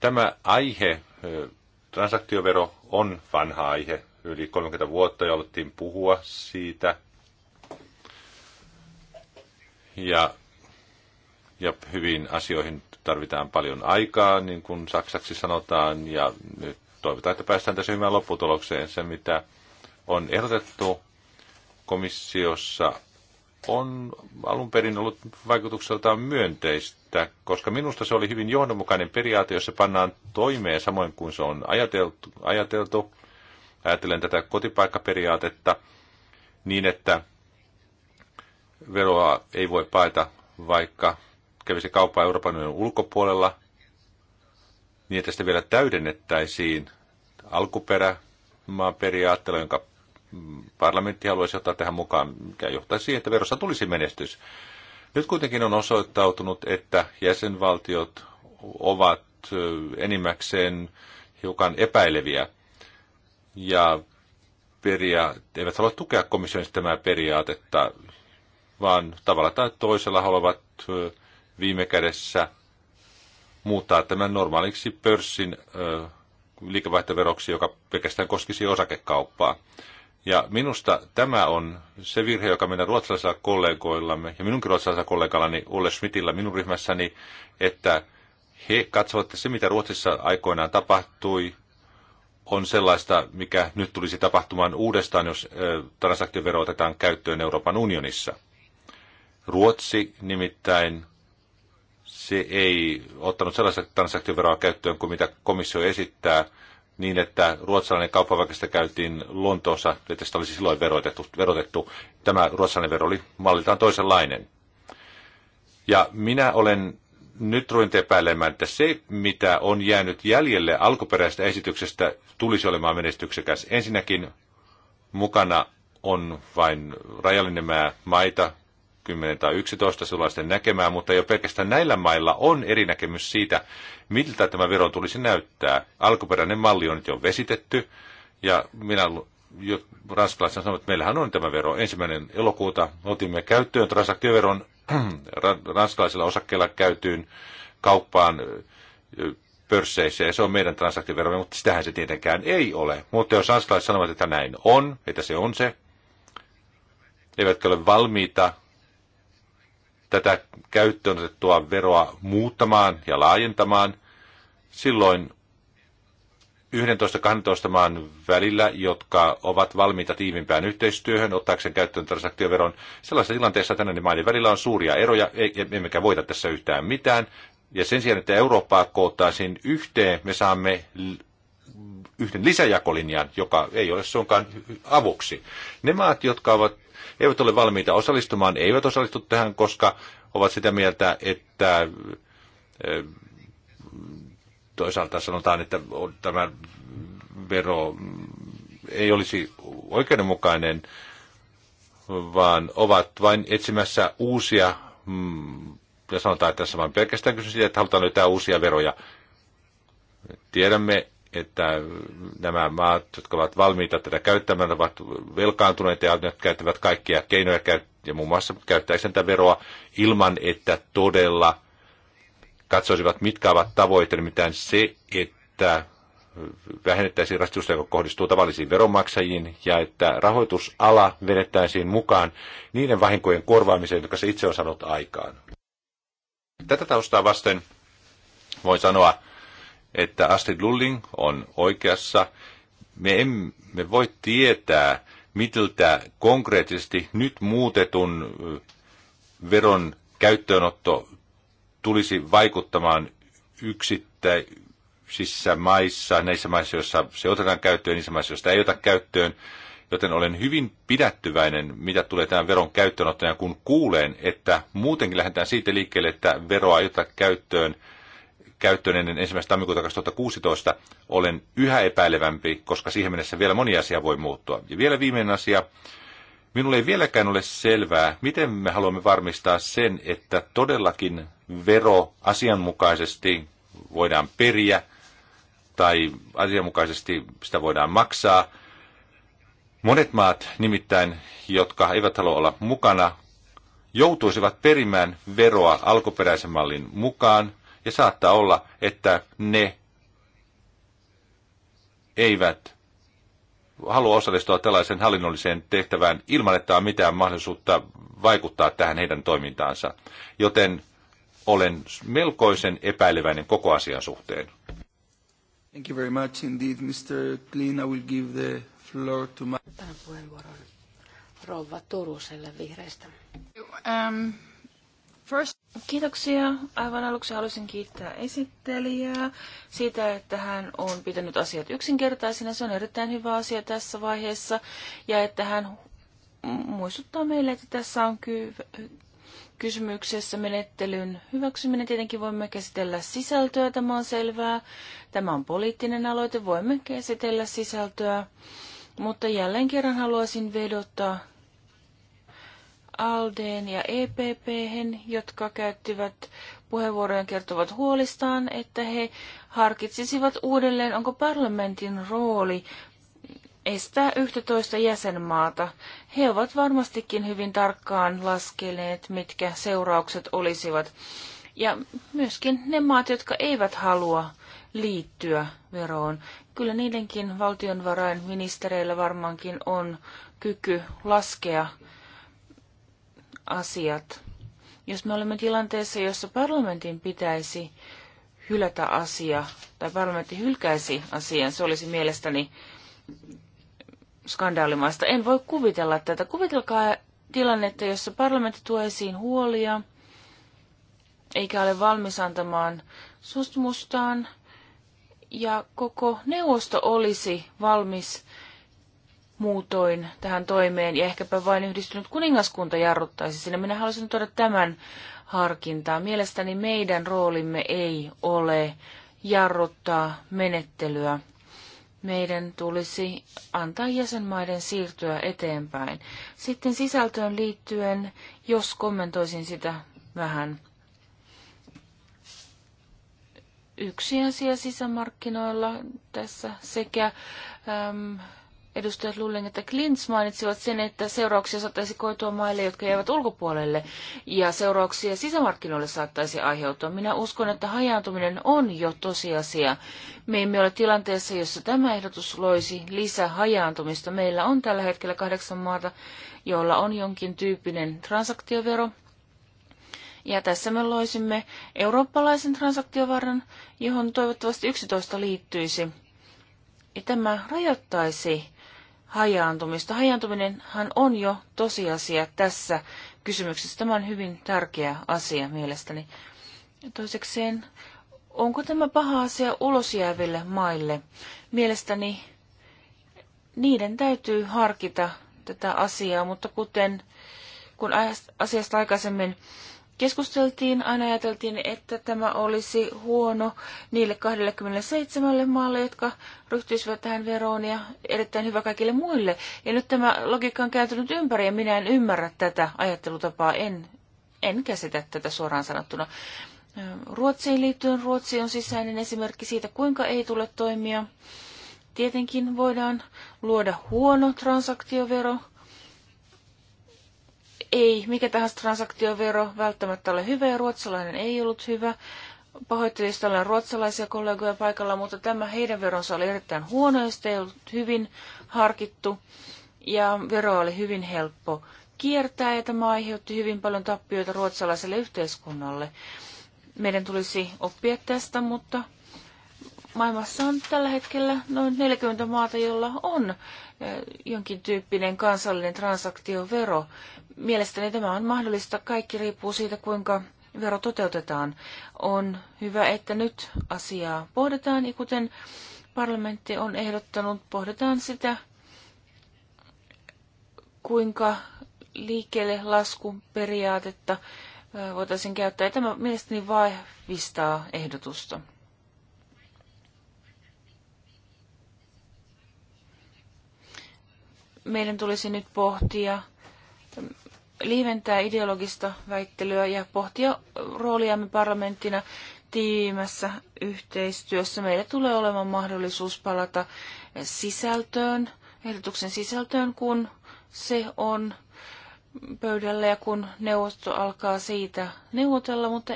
tämä aihe, transaktiovero, on vanha aihe. Yli 30 vuotta jo alettiin puhua siitä. Ja, ja hyvin asioihin tarvitaan paljon aikaa, niin kuin saksaksi sanotaan, ja nyt toivotaan, että päästään tässä hyvään lopputulokseen. Se, mitä on ehdotettu komissiossa, on alun perin ollut vaikutukseltaan myönteistä, koska minusta se oli hyvin johdonmukainen periaate, jos se pannaan toimeen samoin kuin se on ajateltu, ajateltu ajatellen tätä kotipaikkaperiaatetta, niin että veroa ei voi paeta, vaikka kävisi kauppa Euroopan unionin ulkopuolella, niin että sitä vielä täydennettäisiin alkuperä maan periaatteella, jonka parlamentti haluaisi ottaa tähän mukaan, mikä johtaisi siihen, että verossa tulisi menestys. Nyt kuitenkin on osoittautunut, että jäsenvaltiot ovat enimmäkseen hiukan epäileviä ja peria- eivät halua tukea komission tämä periaatetta, vaan tavalla tai toisella haluavat viime kädessä muuttaa tämän normaaliksi pörssin liikevaihtoveroksi, joka pelkästään koskisi osakekauppaa. Ja minusta tämä on se virhe, joka meidän ruotsalaisilla kollegoillamme ja minunkin ruotsalaisella kollegallani Ulle Schmidtillä minun ryhmässäni, että he katsovat, että se mitä Ruotsissa aikoinaan tapahtui, on sellaista, mikä nyt tulisi tapahtumaan uudestaan, jos transaktiovero otetaan käyttöön Euroopan unionissa. Ruotsi nimittäin se ei ottanut sellaista transaktioveroa käyttöön kuin mitä komissio esittää, niin, että ruotsalainen kauppaväkestä käytiin Lontoossa, että sitä olisi siis silloin verotettu. verotettu. Tämä ruotsalainen vero oli malliltaan toisenlainen. Ja minä olen nyt ruvennut epäilemään, että se, mitä on jäänyt jäljelle alkuperäisestä esityksestä, tulisi olemaan menestyksekäs. Ensinnäkin mukana on vain rajallinen määrä maita, 10 tai 11 sulaisten näkemää, mutta jo pelkästään näillä mailla on eri näkemys siitä, miltä tämä vero tulisi näyttää. Alkuperäinen malli on nyt jo vesitetty, ja minä jo ranskalaisena sanoin, että meillähän on tämä vero. Ensimmäinen elokuuta otimme käyttöön transaktioveron ranskalaisilla osakkeilla käytyyn kauppaan pörsseissä, ja se on meidän transaktioveromme, mutta sitähän se tietenkään ei ole. Mutta jos ranskalaiset sanovat, että näin on, että se on se, eivätkä ole valmiita tätä käyttöön otettua veroa muuttamaan ja laajentamaan, silloin 11-12 maan välillä, jotka ovat valmiita tiivimpään yhteistyöhön ottaakseen käyttöön transaktioveron. Sellaisessa tilanteessa niin maiden välillä on suuria eroja, emmekä voita tässä yhtään mitään. Ja sen sijaan, että Eurooppaa koottaisiin yhteen, me saamme yhden lisäjakolinjan, joka ei ole suinkaan avuksi. Ne maat, jotka ovat eivät ole valmiita osallistumaan, eivät osallistu tähän, koska ovat sitä mieltä, että toisaalta sanotaan, että tämä vero ei olisi oikeudenmukainen, vaan ovat vain etsimässä uusia, mm, ja sanotaan, että tässä vain pelkästään kysymys siitä, että halutaan löytää uusia veroja. Tiedämme, että nämä maat, jotka ovat valmiita tätä käyttämään, ovat velkaantuneita ja käyttävät kaikkia keinoja ja muun muassa käyttäisivät tätä veroa ilman, että todella katsoisivat, mitkä ovat tavoitteet mitään se, että vähennettäisiin rasitusta, joka kohdistuu tavallisiin veronmaksajiin, ja että rahoitusala vedettäisiin mukaan niiden vahinkojen korvaamiseen, jotka se itse on saanut aikaan. Tätä taustaa vasten voin sanoa, että Astrid Lulling on oikeassa. Me emme voi tietää, miltä konkreettisesti nyt muutetun veron käyttöönotto tulisi vaikuttamaan yksittäisissä maissa, näissä maissa, joissa se otetaan käyttöön, niissä maissa, joissa ei ota käyttöön. Joten olen hyvin pidättyväinen, mitä tulee tämän veron käyttöönottoon, kun kuulen, että muutenkin lähdetään siitä liikkeelle, että veroa ei ota käyttöön – käyttöön ennen 1. tammikuuta 2016, olen yhä epäilevämpi, koska siihen mennessä vielä moni asia voi muuttua. Ja vielä viimeinen asia. Minulle ei vieläkään ole selvää, miten me haluamme varmistaa sen, että todellakin vero asianmukaisesti voidaan periä tai asianmukaisesti sitä voidaan maksaa. Monet maat nimittäin, jotka eivät halua olla mukana, joutuisivat perimään veroa alkuperäisen mallin mukaan, ja saattaa olla, että ne eivät halua osallistua tällaisen hallinnolliseen tehtävään ilman, että on mitään mahdollisuutta vaikuttaa tähän heidän toimintaansa. Joten olen melkoisen epäileväinen koko asian suhteen. Thank you very much indeed, Mr. Klein. I will give the floor to my... Tämän Rouva Turuselle vihreistä. Um, First... Kiitoksia. Aivan aluksi haluaisin kiittää esittelijää siitä, että hän on pitänyt asiat yksinkertaisina. Se on erittäin hyvä asia tässä vaiheessa. Ja että hän muistuttaa meille, että tässä on ky- kysymyksessä menettelyn hyväksyminen. Tietenkin voimme käsitellä sisältöä, tämä on selvää. Tämä on poliittinen aloite, voimme käsitellä sisältöä. Mutta jälleen kerran haluaisin vedottaa Aldeen ja epp jotka käyttivät puheenvuorojen kertovat huolistaan, että he harkitsisivat uudelleen, onko parlamentin rooli estää 11 jäsenmaata. He ovat varmastikin hyvin tarkkaan laskeneet, mitkä seuraukset olisivat. Ja myöskin ne maat, jotka eivät halua liittyä veroon. Kyllä niidenkin valtionvarainministereillä varmaankin on kyky laskea asiat. Jos me olemme tilanteessa, jossa parlamentin pitäisi hylätä asia, tai parlamentti hylkäisi asian, se olisi mielestäni skandaalimaista. En voi kuvitella tätä. Kuvitelkaa tilannetta, jossa parlamentti tuo esiin huolia, eikä ole valmis antamaan suostumustaan, ja koko neuvosto olisi valmis muutoin tähän toimeen, ja ehkäpä vain yhdistynyt kuningaskunta jarruttaisi, sinne. minä haluaisin tuoda tämän harkintaa. Mielestäni meidän roolimme ei ole jarruttaa menettelyä. Meidän tulisi antaa jäsenmaiden siirtyä eteenpäin. Sitten sisältöön liittyen, jos kommentoisin sitä vähän. Yksi asia sisämarkkinoilla tässä sekä äm, edustajat Lulling että Klints mainitsivat sen, että seurauksia saattaisi koitua maille, jotka jäävät ulkopuolelle, ja seurauksia sisämarkkinoille saattaisi aiheutua. Minä uskon, että hajaantuminen on jo tosiasia. Me emme ole tilanteessa, jossa tämä ehdotus loisi lisää hajaantumista. Meillä on tällä hetkellä kahdeksan maata, joilla on jonkin tyyppinen transaktiovero, ja tässä me loisimme eurooppalaisen transaktiovaran, johon toivottavasti 11 liittyisi. Ja tämä rajoittaisi hajaantumista. Hajaantuminenhan on jo tosiasia tässä kysymyksessä. Tämä on hyvin tärkeä asia mielestäni. Toisekseen, onko tämä paha asia ulosjääville maille? Mielestäni niiden täytyy harkita tätä asiaa, mutta kuten kun asiasta aikaisemmin keskusteltiin, aina ajateltiin, että tämä olisi huono niille 27 maalle, jotka ryhtyisivät tähän veroon ja erittäin hyvä kaikille muille. Ja nyt tämä logiikka on kääntynyt ympäri ja minä en ymmärrä tätä ajattelutapaa, en, en käsitä tätä suoraan sanottuna. Ruotsiin liittyen Ruotsi on sisäinen esimerkki siitä, kuinka ei tule toimia. Tietenkin voidaan luoda huono transaktiovero – ei mikä tahansa transaktiovero välttämättä ole hyvä ja ruotsalainen ei ollut hyvä. Pahoittelista olen ruotsalaisia kollegoja paikalla, mutta tämä heidän veronsa oli erittäin huono ja sitä ei ollut hyvin harkittu. Ja vero oli hyvin helppo kiertää ja tämä aiheutti hyvin paljon tappioita ruotsalaiselle yhteiskunnalle. Meidän tulisi oppia tästä, mutta maailmassa on tällä hetkellä noin 40 maata, jolla on eh, jonkin tyyppinen kansallinen transaktiovero. Mielestäni tämä on mahdollista. Kaikki riippuu siitä, kuinka vero toteutetaan. On hyvä, että nyt asiaa pohditaan, ja kuten parlamentti on ehdottanut, pohditaan sitä, kuinka liikkeelle laskuperiaatetta voitaisiin käyttää. tämä mielestäni vahvistaa ehdotusta. Meidän tulisi nyt pohtia lieventää ideologista väittelyä ja pohtia rooliamme parlamenttina tiimässä yhteistyössä. Meillä tulee olemaan mahdollisuus palata sisältöön, ehdotuksen sisältöön, kun se on pöydällä ja kun neuvosto alkaa siitä neuvotella, mutta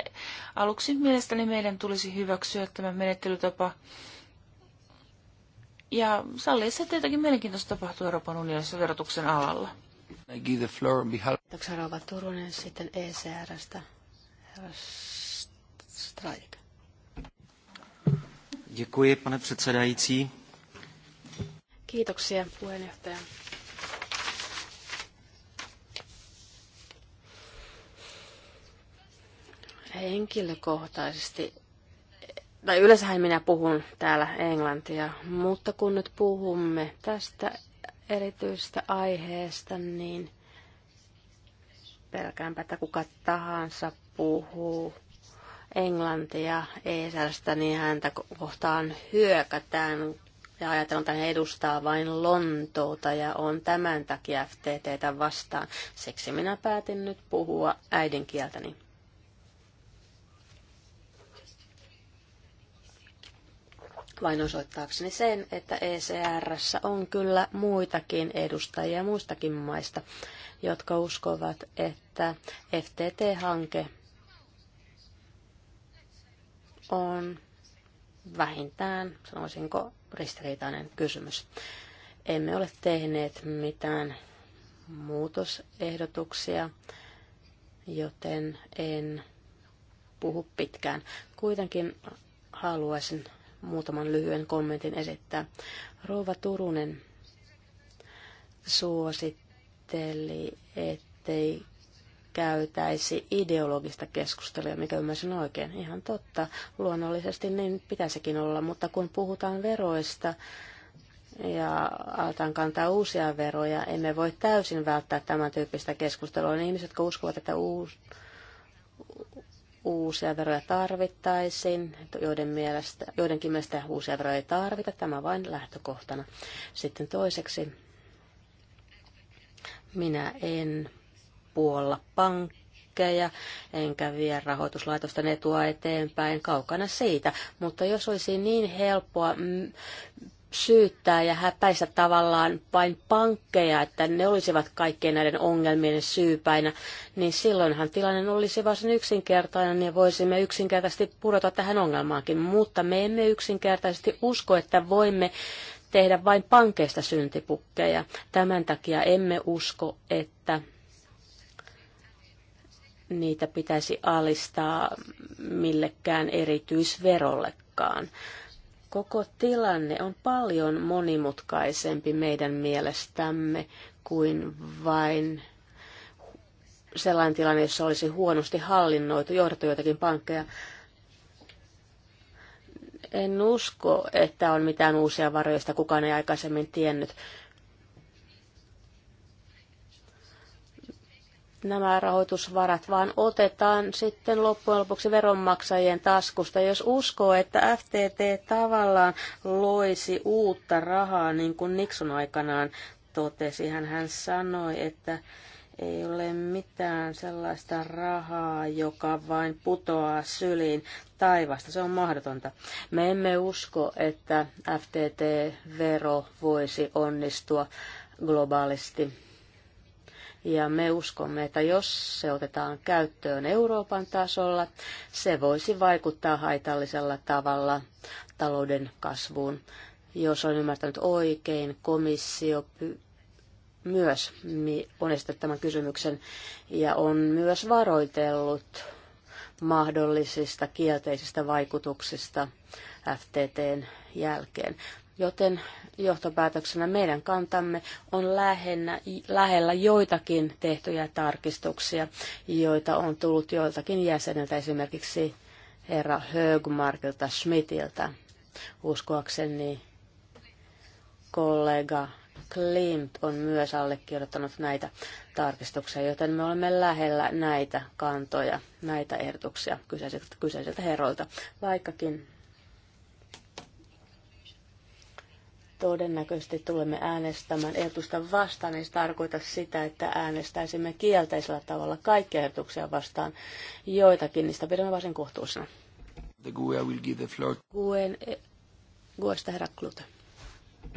aluksi mielestäni meidän tulisi hyväksyä tämä menettelytapa. Ja sallia se, että jotakin mielenkiintoista tapahtuu Euroopan unionissa verotuksen alalla. I give Kiitoksia Rauva Turunen, sitten ECRstä, herra Strajk. Děkuji, pane předsedající. Kiitoksia, puheenjohtaja. Henkilökohtaisesti, tai yleensähän minä puhun täällä englantia, mutta kun nyt puhumme tästä erityisestä aiheesta, niin pelkäänpä, että kuka tahansa puhuu englantia ESRstä, niin häntä kohtaan hyökätään ja ajatellaan, että hän edustaa vain Lontoota ja on tämän takia FTTtä vastaan. Siksi minä päätin nyt puhua äidinkieltäni. vain osoittaakseni sen, että ECR on kyllä muitakin edustajia muistakin maista, jotka uskovat, että FTT-hanke on vähintään, sanoisinko, ristiriitainen kysymys. Emme ole tehneet mitään muutosehdotuksia, joten en puhu pitkään. Kuitenkin haluaisin muutaman lyhyen kommentin esittää. Rouva Turunen suositteli, ettei käytäisi ideologista keskustelua, mikä ymmärsin oikein. Ihan totta, luonnollisesti niin pitäisikin olla, mutta kun puhutaan veroista ja aletaan kantaa uusia veroja, emme voi täysin välttää tämän tyyppistä keskustelua. Ne ihmiset, jotka uskovat, että uusi uusia veroja tarvittaisiin, joiden mielestä, joidenkin mielestä uusia veroja ei tarvita, tämä vain lähtökohtana. Sitten toiseksi, minä en puolla pankkeja, enkä vie rahoituslaitosten etua eteenpäin kaukana siitä, mutta jos olisi niin helppoa syyttää ja häpäistä tavallaan vain pankkeja, että ne olisivat kaikkien näiden ongelmien syypäinä, niin silloinhan tilanne olisi varsin yksinkertainen ja voisimme yksinkertaisesti pudota tähän ongelmaankin. Mutta me emme yksinkertaisesti usko, että voimme tehdä vain pankeista syntipukkeja. Tämän takia emme usko, että niitä pitäisi alistaa millekään erityisverollekaan. Koko tilanne on paljon monimutkaisempi meidän mielestämme kuin vain sellainen tilanne, jossa olisi huonosti hallinnoitu, johdettu joitakin pankkeja. En usko, että on mitään uusia varoja, joista kukaan ei aikaisemmin tiennyt. nämä rahoitusvarat, vaan otetaan sitten loppujen lopuksi veronmaksajien taskusta. Jos uskoo, että FTT tavallaan loisi uutta rahaa, niin kuin Nixon aikanaan totesi, hän, hän sanoi, että ei ole mitään sellaista rahaa, joka vain putoaa syliin taivasta. Se on mahdotonta. Me emme usko, että FTT-vero voisi onnistua globaalisti ja me uskomme, että jos se otetaan käyttöön Euroopan tasolla, se voisi vaikuttaa haitallisella tavalla talouden kasvuun. Jos olen ymmärtänyt oikein, komissio myös on esittänyt tämän kysymyksen ja on myös varoitellut mahdollisista kielteisistä vaikutuksista FTTn jälkeen. Joten johtopäätöksenä meidän kantamme on lähennä, lähellä joitakin tehtyjä tarkistuksia, joita on tullut joiltakin jäseniltä, esimerkiksi herra Högmarkilta Schmidtiltä. Uskoakseni kollega Klimt on myös allekirjoittanut näitä tarkistuksia, joten me olemme lähellä näitä kantoja, näitä ehdotuksia kyseisiltä, kyseisiltä herroilta, vaikkakin todennäköisesti tulemme äänestämään ehdotusta vastaan, niin se tarkoita sitä, että äänestäisimme kielteisellä tavalla kaikkia ehdotuksia vastaan. Joitakin niistä pidämme varsin kohtuullisena. The GUE will give the floor. GUEn, GUEsta herra Klute.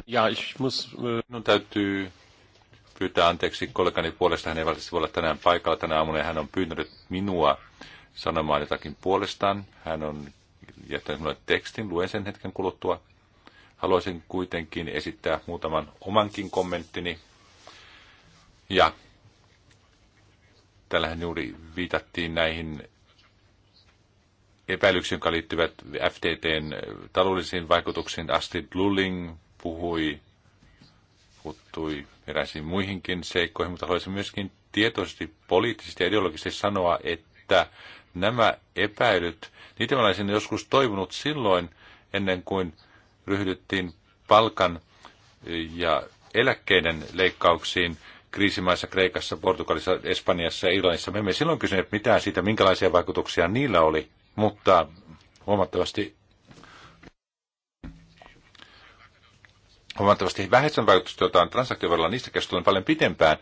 Ja, äh, minun täytyy pyytää anteeksi kollegani puolesta. Hän ei välttämättä voi olla tänään paikalla tänä aamuna hän on pyytänyt minua sanomaan jotakin puolestaan. Hän on jättänyt minulle tekstin, luen sen hetken kuluttua. Haluaisin kuitenkin esittää muutaman omankin kommenttini. Ja tällähän juuri viitattiin näihin epäilyksiin, jotka liittyvät FTTn taloudellisiin vaikutuksiin. Astrid Lulling puhui, puuttui eräisiin muihinkin seikkoihin, mutta haluaisin myöskin tietoisesti, poliittisesti ja ideologisesti sanoa, että nämä epäilyt, niitä mä olisin joskus toivonut silloin, ennen kuin ryhdyttiin palkan ja eläkkeiden leikkauksiin kriisimaissa, Kreikassa, Portugalissa, Espanjassa ja Irlannissa. Me emme silloin kysyneet mitään siitä, minkälaisia vaikutuksia niillä oli, mutta huomattavasti huomattavasti vähäisen vaikutusta, jota on niistä keskustellaan paljon pitempään.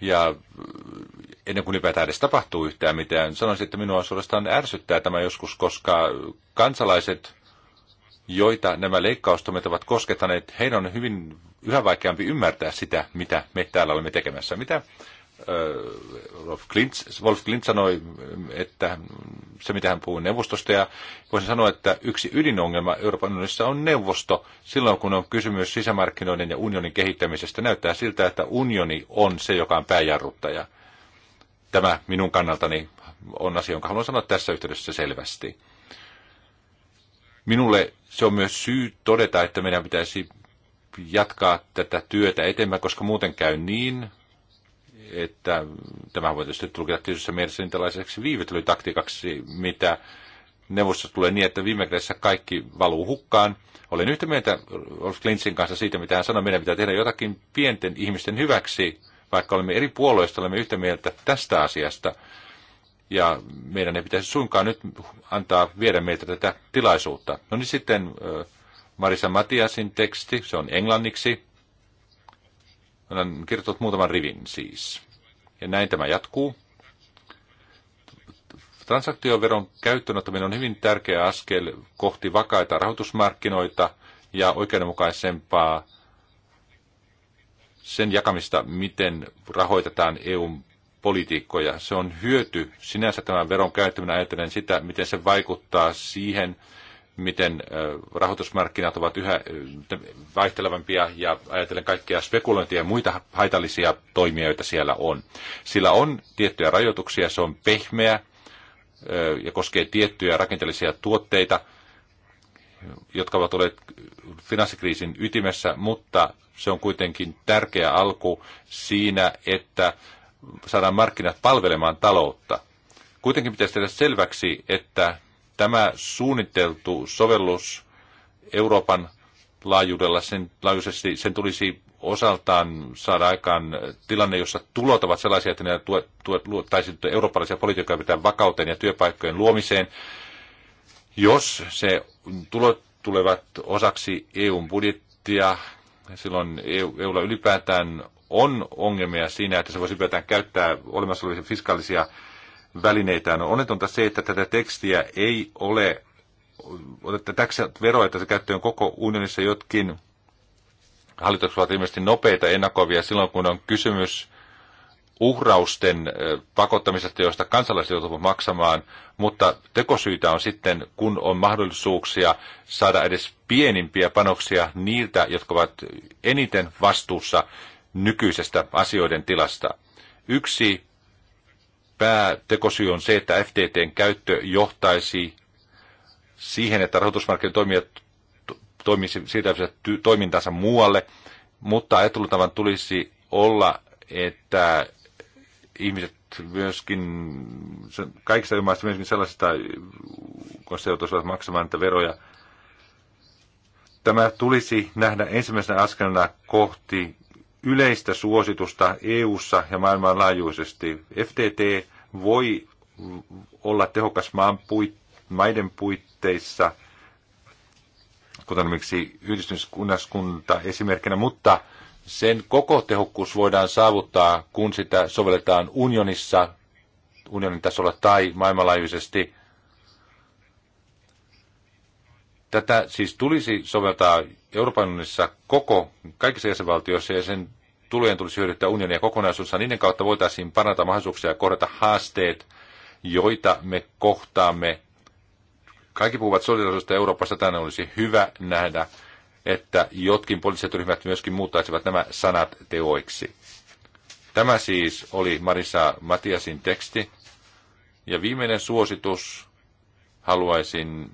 Ja ennen kuin ylipäätään edes tapahtuu yhtään mitään, sanoisin, että minua suorastaan ärsyttää tämä joskus, koska kansalaiset joita nämä leikkaustoimet ovat koskettaneet, heidän on hyvin yhä vaikeampi ymmärtää sitä, mitä me täällä olemme tekemässä. Mitä Wolf Klintz, Wolf Klintz sanoi, että se mitä hän puhuu neuvostosta, ja voisin sanoa, että yksi ydinongelma Euroopan unionissa on neuvosto. Silloin kun on kysymys sisämarkkinoiden ja unionin kehittämisestä, näyttää siltä, että unioni on se, joka on pääjarruttaja. Tämä minun kannaltani on asia, jonka haluan sanoa tässä yhteydessä selvästi. Minulle se on myös syy todeta, että meidän pitäisi jatkaa tätä työtä eteenpäin, koska muuten käy niin, että tämä voi tietysti tulkita tietysti niin tällaiseksi viivytelytaktiikaksi, mitä neuvostossa tulee niin, että viime kädessä kaikki valuu hukkaan. Olen yhtä mieltä Rolf Klintzin kanssa siitä, mitä hän sanoi, meidän pitää tehdä jotakin pienten ihmisten hyväksi, vaikka olemme eri puolueista, olemme yhtä mieltä tästä asiasta ja meidän ei pitäisi suinkaan nyt antaa viedä meiltä tätä tilaisuutta. No niin sitten Marisa Matiasin teksti, se on englanniksi. Olen kirjoittanut muutaman rivin siis. Ja näin tämä jatkuu. Transaktioveron käyttöönottaminen on hyvin tärkeä askel kohti vakaita rahoitusmarkkinoita ja oikeudenmukaisempaa sen jakamista, miten rahoitetaan EUn politiikkoja. Se on hyöty sinänsä tämän veron käyttäminen ajatellen sitä, miten se vaikuttaa siihen, miten rahoitusmarkkinat ovat yhä vaihtelevampia ja ajatellen kaikkia spekulointia ja muita haitallisia toimijoita siellä on. Sillä on tiettyjä rajoituksia, se on pehmeä ja koskee tiettyjä rakenteellisia tuotteita, jotka ovat olleet finanssikriisin ytimessä, mutta se on kuitenkin tärkeä alku siinä, että saadaan markkinat palvelemaan taloutta. Kuitenkin pitäisi tehdä selväksi, että tämä suunniteltu sovellus Euroopan laajuudella, sen, laajuisesti sen tulisi osaltaan saada aikaan tilanne, jossa tulot ovat sellaisia, että ne tuottaisiin eurooppalaisia politiikkoja pitää vakauteen ja työpaikkojen luomiseen. Jos se tulot tulevat osaksi EUn budjettia, silloin EUlla e ylipäätään on ongelmia siinä, että se voisi ylipäätään käyttää olemassa olevia fiskaalisia välineitä. No onnetonta se, että tätä tekstiä ei ole otettaisiin vero, että se käyttöön koko unionissa jotkin hallitukset ovat ilmeisesti nopeita ennakoivia silloin, kun on kysymys uhrausten pakottamisesta, joista kansalaiset joutuvat maksamaan, mutta tekosyitä on sitten, kun on mahdollisuuksia saada edes pienimpiä panoksia niiltä, jotka ovat eniten vastuussa nykyisestä asioiden tilasta. Yksi päätekosyy on se, että FTTn käyttö johtaisi siihen, että rahoitusmarkkinatoimijat siirtäisivät toimintansa muualle, mutta ajattelutavan tulisi olla, että ihmiset myöskin kaikista maista myöskin sellaisista, kun se joutuisivat maksamaan niitä veroja. Tämä tulisi nähdä ensimmäisenä askelena kohti yleistä suositusta EU:ssa ja maailmanlaajuisesti. FTT voi olla tehokas maan puit, maiden puitteissa, kuten esimerkiksi yhdistyskunnaskunta esimerkkinä, mutta sen koko tehokkuus voidaan saavuttaa, kun sitä sovelletaan unionissa, unionin tasolla tai maailmanlaajuisesti – Tätä siis tulisi soveltaa Euroopan unionissa koko, kaikissa jäsenvaltioissa ja sen tulojen tulisi hyödyttää unionia kokonaisuudessaan. Niiden kautta voitaisiin parantaa mahdollisuuksia ja korjata haasteet, joita me kohtaamme. Kaikki puhuvat solidarisuudesta Euroopassa. Tänään olisi hyvä nähdä, että jotkin poliittiset ryhmät myöskin muuttaisivat nämä sanat teoiksi. Tämä siis oli Marisa Matiasin teksti. Ja viimeinen suositus haluaisin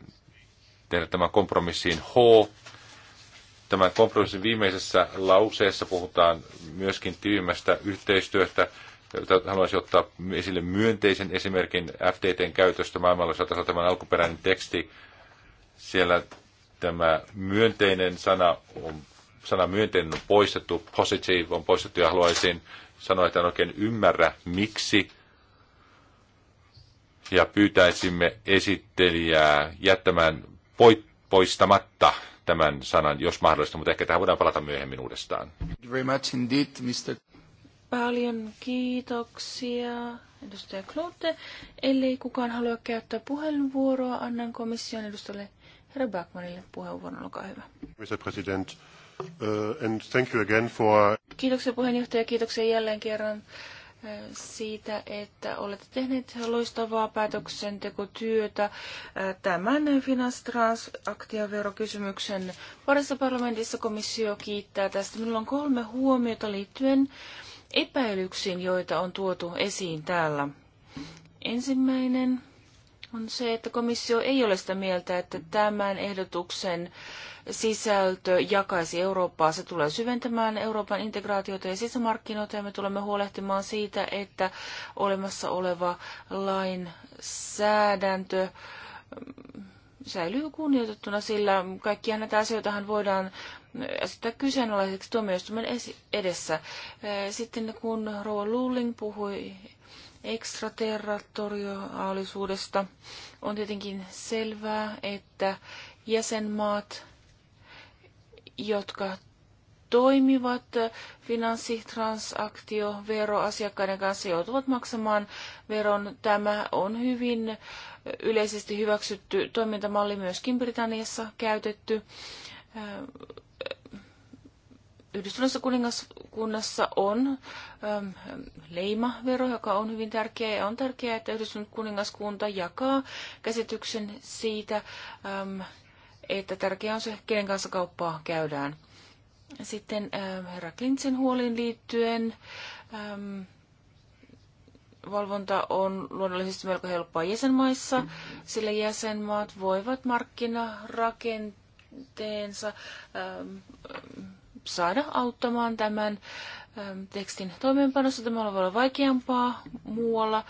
tehdä tämän kompromissiin H. Tämän kompromissin viimeisessä lauseessa puhutaan myöskin tiivimmästä yhteistyöstä. Haluaisin ottaa esille myönteisen esimerkin FTTn käytöstä maailmanlaajuisella tasolla tämän alkuperäinen teksti. Siellä tämä myönteinen sana on sana myönteinen on poistettu, positive on poistettu ja haluaisin sanoa, että en oikein ymmärrä miksi. Ja pyytäisimme esittelijää jättämään poistamatta tämän sanan, jos mahdollista, mutta ehkä tähän voidaan palata myöhemmin uudestaan. Very much indeed, Mr. Paljon kiitoksia, edustaja Klote. Ellei kukaan halua käyttää puheenvuoroa, annan komission edustajalle herra Backmanille puheenvuoron. Olkaa hyvä. Mr. President, uh, and thank you again for... Kiitoksia puheenjohtaja, kiitoksia jälleen kerran siitä, että olette tehneet loistavaa päätöksentekotyötä äh, tämän finanssitransaktiaverokysymyksen parissa parlamentissa. Komissio kiittää tästä. Minulla on kolme huomiota liittyen epäilyksiin, joita on tuotu esiin täällä. Ensimmäinen on se, että komissio ei ole sitä mieltä, että tämän ehdotuksen sisältö jakaisi Eurooppaa. Se tulee syventämään Euroopan integraatiota ja sisämarkkinoita ja me tulemme huolehtimaan siitä, että olemassa oleva lainsäädäntö mm, säilyy kunnioitettuna, sillä kaikkia näitä asioitahan voidaan asettaa kyseenalaiseksi tuomioistuimen edessä. Sitten kun Rouva Lulling puhui ekstraterritoriaalisuudesta. On tietenkin selvää, että jäsenmaat, jotka toimivat finanssitransaktioveroasiakkaiden kanssa joutuvat maksamaan veron. Tämä on hyvin yleisesti hyväksytty toimintamalli myöskin Britanniassa käytetty Yhdistyneessä kuningaskunnassa on äm, leimavero, joka on hyvin tärkeä. Ja on tärkeää, että yhdistynyt kuningaskunta jakaa käsityksen siitä, äm, että tärkeää on se, kenen kanssa kauppaa käydään. Sitten äm, herra Klintsen huoliin liittyen äm, valvonta on luonnollisesti melko helppoa jäsenmaissa, sillä jäsenmaat voivat markkinarakenteensa teensa ähm, saada auttamaan tämän ähm, tekstin toimeenpanossa. Tämä voi olla vaikeampaa muualla.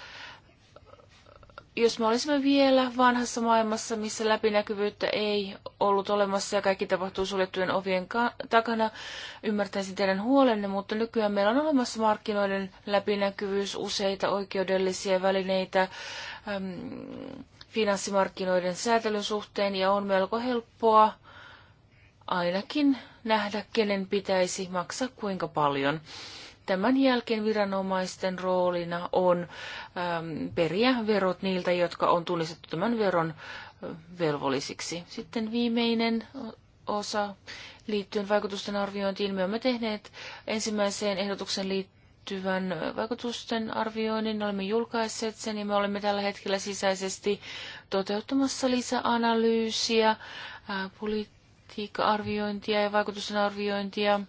Jos me olisimme vielä vanhassa maailmassa, missä läpinäkyvyyttä ei ollut olemassa ja kaikki tapahtuu suljettujen ovien takana, ymmärtäisin teidän huolenne, mutta nykyään meillä on olemassa markkinoiden läpinäkyvyys, useita oikeudellisia välineitä, äm, finanssimarkkinoiden säätelyn suhteen ja on melko helppoa ainakin nähdä, kenen pitäisi maksaa kuinka paljon. Tämän jälkeen viranomaisten roolina on äm, periä verot niiltä, jotka on tunnistettu tämän veron äh, velvollisiksi. Sitten viimeinen osa liittyen vaikutusten arviointiin. Me olemme tehneet ensimmäiseen ehdotuksen liittyvän vaikutusten arvioinnin. Olemme julkaisseet sen ja me olemme tällä hetkellä sisäisesti toteuttamassa lisäanalyysiä äh, poli- politiikka-arviointia ja vaikutusten arviointia.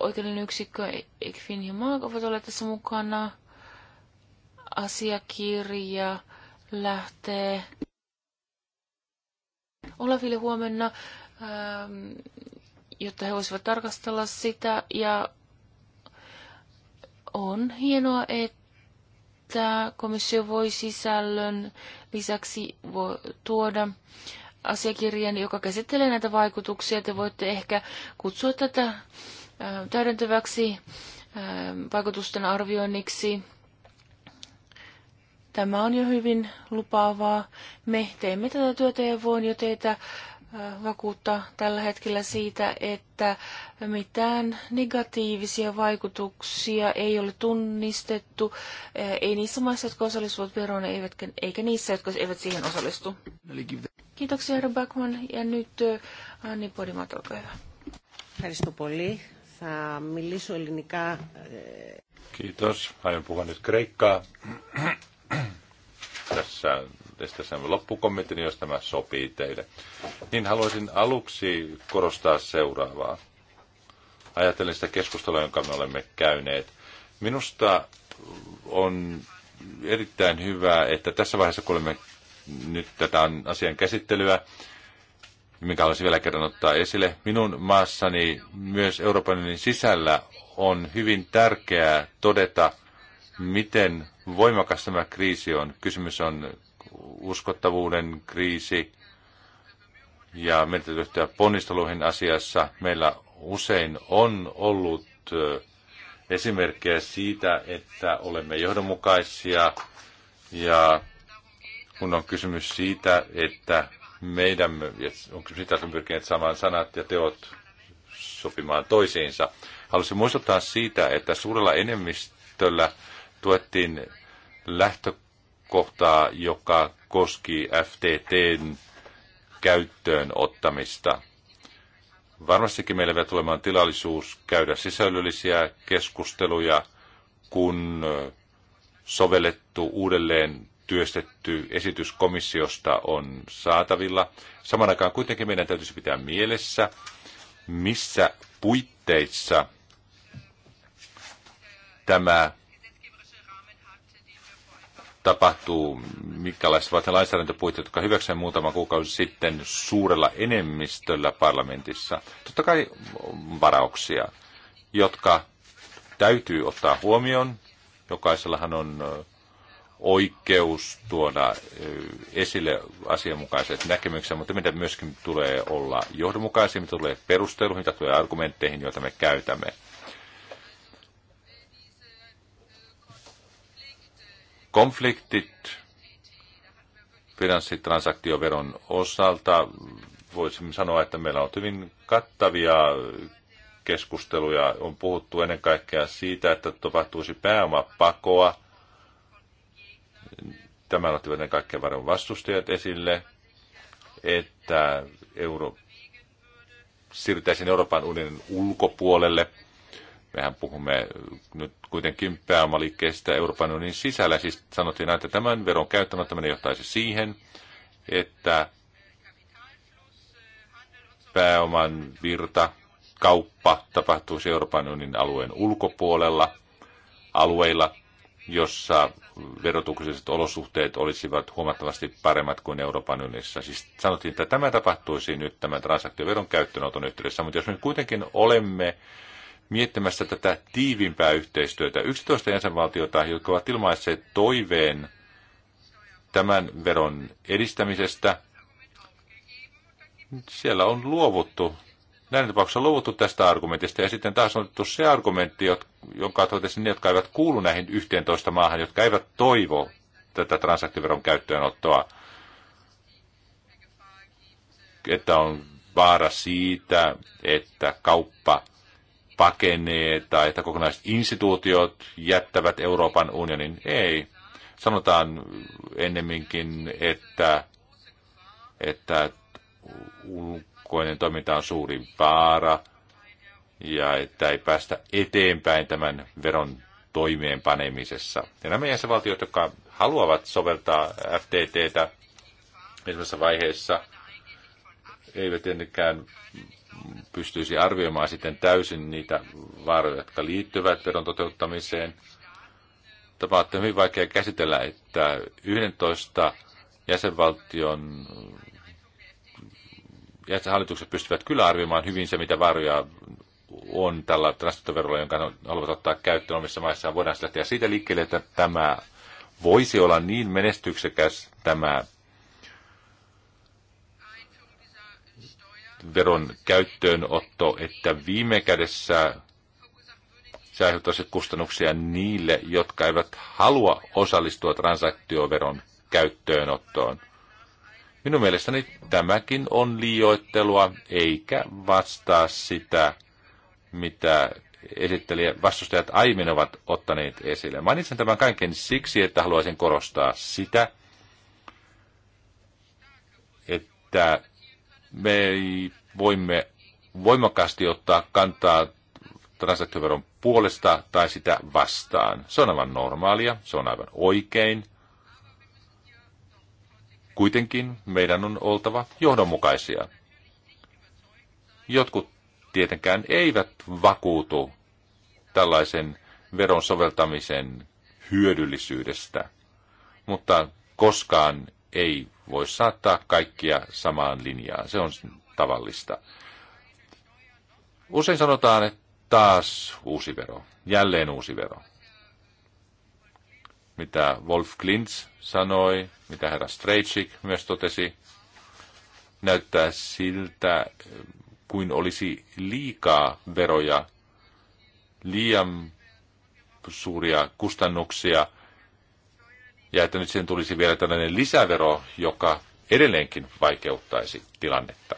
Oikeudellinen yksikkö ECFIN ja MAAG ovat olleet tässä mukana. Asiakirja lähtee Olafille huomenna, jotta he voisivat tarkastella sitä. Ja on hienoa, että komissio voi sisällön lisäksi tuoda asiakirjan, joka käsittelee näitä vaikutuksia. Te voitte ehkä kutsua tätä täydentäväksi vaikutusten arvioinniksi. Tämä on jo hyvin lupaavaa. Me teemme tätä työtä ja voin jo teitä vakuuttaa tällä hetkellä siitä, että mitään negatiivisia vaikutuksia ei ole tunnistettu, eh, ei niissä maissa, jotka osallistuvat veroon, eivätkä, eikä niissä, jotka eivät siihen osallistu. Kiitoksia, herra Backman. Ja nyt eh, Anni Podimat, olkaa hyvä. Kiitos. Aion puhua nyt kreikkaa. Tässä tästä loppukommentin, niin jos tämä sopii teille. Niin haluaisin aluksi korostaa seuraavaa. Ajattelen sitä keskustelua, jonka me olemme käyneet. Minusta on erittäin hyvä, että tässä vaiheessa, kun olemme nyt tätä asian käsittelyä, minkä haluaisin vielä kerran ottaa esille. Minun maassani myös Euroopan unionin sisällä on hyvin tärkeää todeta, miten voimakas tämä kriisi on. Kysymys on uskottavuuden kriisi ja meiltä ryhtyä ponnisteluihin asiassa. Meillä usein on ollut esimerkkejä siitä, että olemme johdonmukaisia ja kun on kysymys siitä, että meidän, on kysymys siitä, että olemme pyrkineet saamaan sanat ja teot sopimaan toisiinsa. Haluaisin muistuttaa siitä, että suurella enemmistöllä tuettiin lähtö kohtaa, joka koski FTTn käyttöön ottamista. Varmastikin meillä vielä tulemaan tilallisuus käydä sisällöllisiä keskusteluja, kun sovellettu uudelleen työstetty esitys komissiosta on saatavilla. Saman aikaan kuitenkin meidän täytyisi pitää mielessä, missä puitteissa tämä tapahtuu, minkälaiset ovat ne lainsäädäntöpuitteet, jotka hyväksyivät muutama kuukausi sitten suurella enemmistöllä parlamentissa. Totta kai varauksia, jotka täytyy ottaa huomioon. Jokaisellahan on oikeus tuoda esille asianmukaiset näkemykset, mutta meidän myöskin tulee olla johdonmukaisia, mitä tulee perusteluihin, mitä tulee argumentteihin, joita me käytämme. Konfliktit finanssitransaktioveron osalta voisimme sanoa, että meillä on hyvin kattavia keskusteluja. On puhuttu ennen kaikkea siitä, että tapahtuisi pääomapakoa. Tämän ottivat ennen kaikkea varon vastustajat esille, että euro siirtäisiin Euroopan unionin ulkopuolelle – mehän puhumme nyt kuitenkin pääomaliikkeestä Euroopan unionin sisällä. Siis sanottiin, että tämän veron käyttämättömän johtaisi siihen, että pääoman virta, kauppa tapahtuisi Euroopan unionin alueen ulkopuolella, alueilla, jossa verotukselliset olosuhteet olisivat huomattavasti paremmat kuin Euroopan unionissa. Siis sanottiin, että tämä tapahtuisi nyt tämän transaktioveron käyttöönoton yhteydessä, mutta jos me kuitenkin olemme miettimässä tätä tiivimpää yhteistyötä. 11 jäsenvaltiota, jotka ovat ilmaisseet toiveen tämän veron edistämisestä, siellä on luovuttu. Näin tapauksessa on luovuttu tästä argumentista ja sitten taas on otettu se argumentti, jonka totesin ne, jotka eivät kuulu näihin 11 maahan, jotka eivät toivo tätä transaktiveron käyttöönottoa, että on vaara siitä, että kauppa pakenee tai että kokonaiset instituutiot jättävät Euroopan unionin. Ei. Sanotaan ennemminkin, että, että ulkoinen toiminta on suuri vaara ja että ei päästä eteenpäin tämän veron toimeenpanemisessa. Ja nämä jäsenvaltiot, jotka haluavat soveltaa FTTtä ensimmäisessä vaiheessa, eivät ennenkään pystyisi arvioimaan sitten täysin niitä vaaroja, jotka liittyvät veron toteuttamiseen. Tämä on hyvin vaikea käsitellä, että 11 jäsenvaltion jäsenhallitukset pystyvät kyllä arvioimaan hyvin se, mitä vaaroja on tällä transitoverolla, jonka haluavat ottaa käyttöön omissa maissaan. Voidaan lähteä siitä liikkeelle, että tämä voisi olla niin menestyksekäs tämä veron käyttöönotto, että viime kädessä se aiheuttaisi kustannuksia niille, jotka eivät halua osallistua transaktioveron käyttöönottoon. Minun mielestäni tämäkin on liioittelua, eikä vastaa sitä, mitä esittelijä, vastustajat aiemmin ovat ottaneet esille. Mainitsen tämän kaiken siksi, että haluaisin korostaa sitä, että me voimme voimakkaasti ottaa kantaa transaktioveron puolesta tai sitä vastaan. Se on aivan normaalia, se on aivan oikein. Kuitenkin meidän on oltava johdonmukaisia. Jotkut tietenkään eivät vakuutu tällaisen veron soveltamisen hyödyllisyydestä, mutta koskaan ei voi saattaa kaikkia samaan linjaan. Se on tavallista. Usein sanotaan, että taas uusi vero, jälleen uusi vero. Mitä Wolf Klintz sanoi, mitä herra Strejcik myös totesi, näyttää siltä, kuin olisi liikaa veroja, liian suuria kustannuksia – ja että nyt sen tulisi vielä tällainen lisävero, joka edelleenkin vaikeuttaisi tilannetta.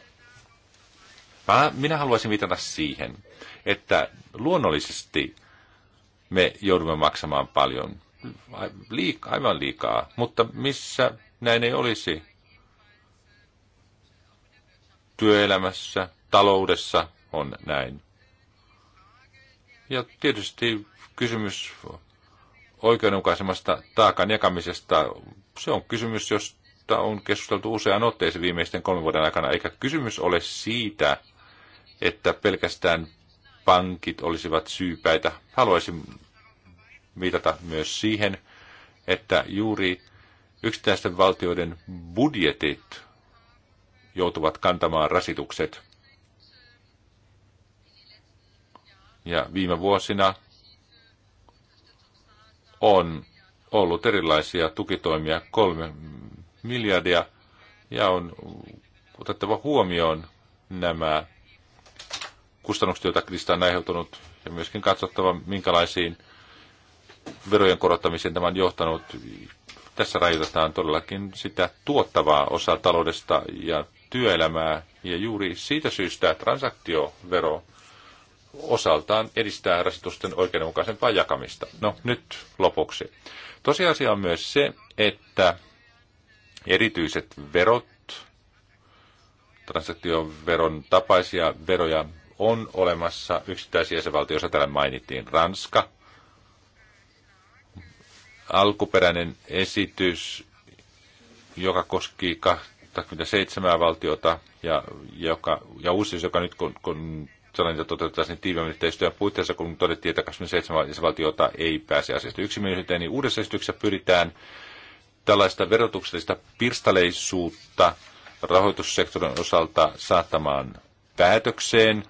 Mä, minä haluaisin viitata siihen, että luonnollisesti me joudumme maksamaan paljon, liika, aivan liikaa, mutta missä näin ei olisi työelämässä, taloudessa on näin. Ja tietysti kysymys oikeudenmukaisemmasta taakan jakamisesta, se on kysymys, josta on keskusteltu useaan otteeseen viimeisten kolmen vuoden aikana, eikä kysymys ole siitä, että pelkästään pankit olisivat syypäitä. Haluaisin viitata myös siihen, että juuri yksittäisten valtioiden budjetit joutuvat kantamaan rasitukset. Ja viime vuosina on ollut erilaisia tukitoimia, kolme miljardia, ja on otettava huomioon nämä kustannukset, joita kriisistä on aiheutunut, ja myöskin katsottava, minkälaisiin verojen korottamiseen tämä on johtanut. Tässä rajoitetaan todellakin sitä tuottavaa osaa taloudesta ja työelämää, ja juuri siitä syystä transaktiovero osaltaan edistää rasitusten oikeudenmukaisempaa jakamista. No nyt lopuksi. Tosiasia on myös se, että erityiset verot, transaktioveron tapaisia veroja on olemassa yksittäisiä jäsenvaltioissa. Täällä mainittiin Ranska. Alkuperäinen esitys, joka koski 27 valtiota ja, joka, ja uusi, joka nyt kun, kun sellainen, että toteutettaisiin niin tiiviimmin yhteistyön puitteissa, kun todettiin, että 27 jäsenvaltiota ei pääse asiasta yksimielisyyteen, niin uudessa esityksessä pyritään tällaista verotuksellista pirstaleisuutta rahoitussektorin osalta saattamaan päätökseen.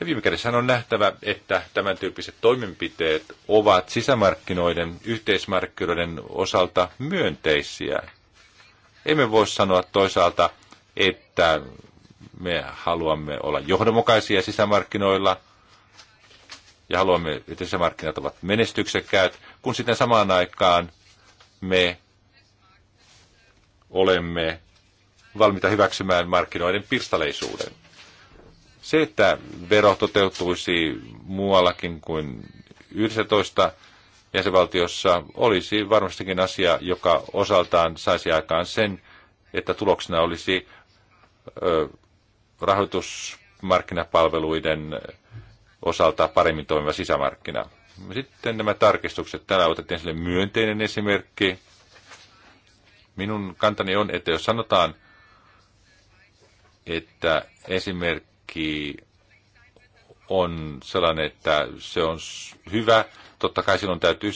Ja viime kädessä on nähtävä, että tämän tyyppiset toimenpiteet ovat sisämarkkinoiden, yhteismarkkinoiden osalta myönteisiä. Emme voi sanoa toisaalta, että me haluamme olla johdonmukaisia sisämarkkinoilla ja haluamme, että sisämarkkinat ovat menestyksekkäät, kun sitten samaan aikaan me olemme valmiita hyväksymään markkinoiden pirstaleisuuden. Se, että vero toteutuisi muuallakin kuin 11 jäsenvaltiossa, olisi varmastikin asia, joka osaltaan saisi aikaan sen, että tuloksena olisi rahoitusmarkkinapalveluiden osalta paremmin toimiva sisämarkkina. Sitten nämä tarkistukset. Täällä otettiin sille myönteinen esimerkki. Minun kantani on, että jos sanotaan, että esimerkki on sellainen, että se on hyvä, totta kai silloin täytyy,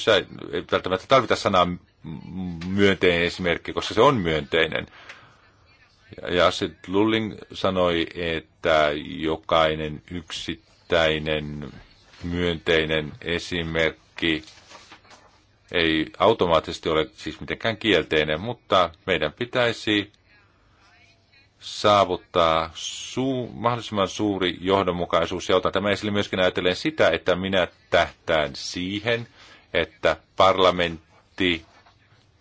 ei välttämättä tarvita sanaa myönteinen esimerkki, koska se on myönteinen. Ja sitten Lulling sanoi, että jokainen yksittäinen myönteinen esimerkki ei automaattisesti ole siis mitenkään kielteinen, mutta meidän pitäisi saavuttaa suu, mahdollisimman suuri johdonmukaisuus. Ja otan tämä esille myöskin ajatellen sitä, että minä tähtään siihen, että parlamentti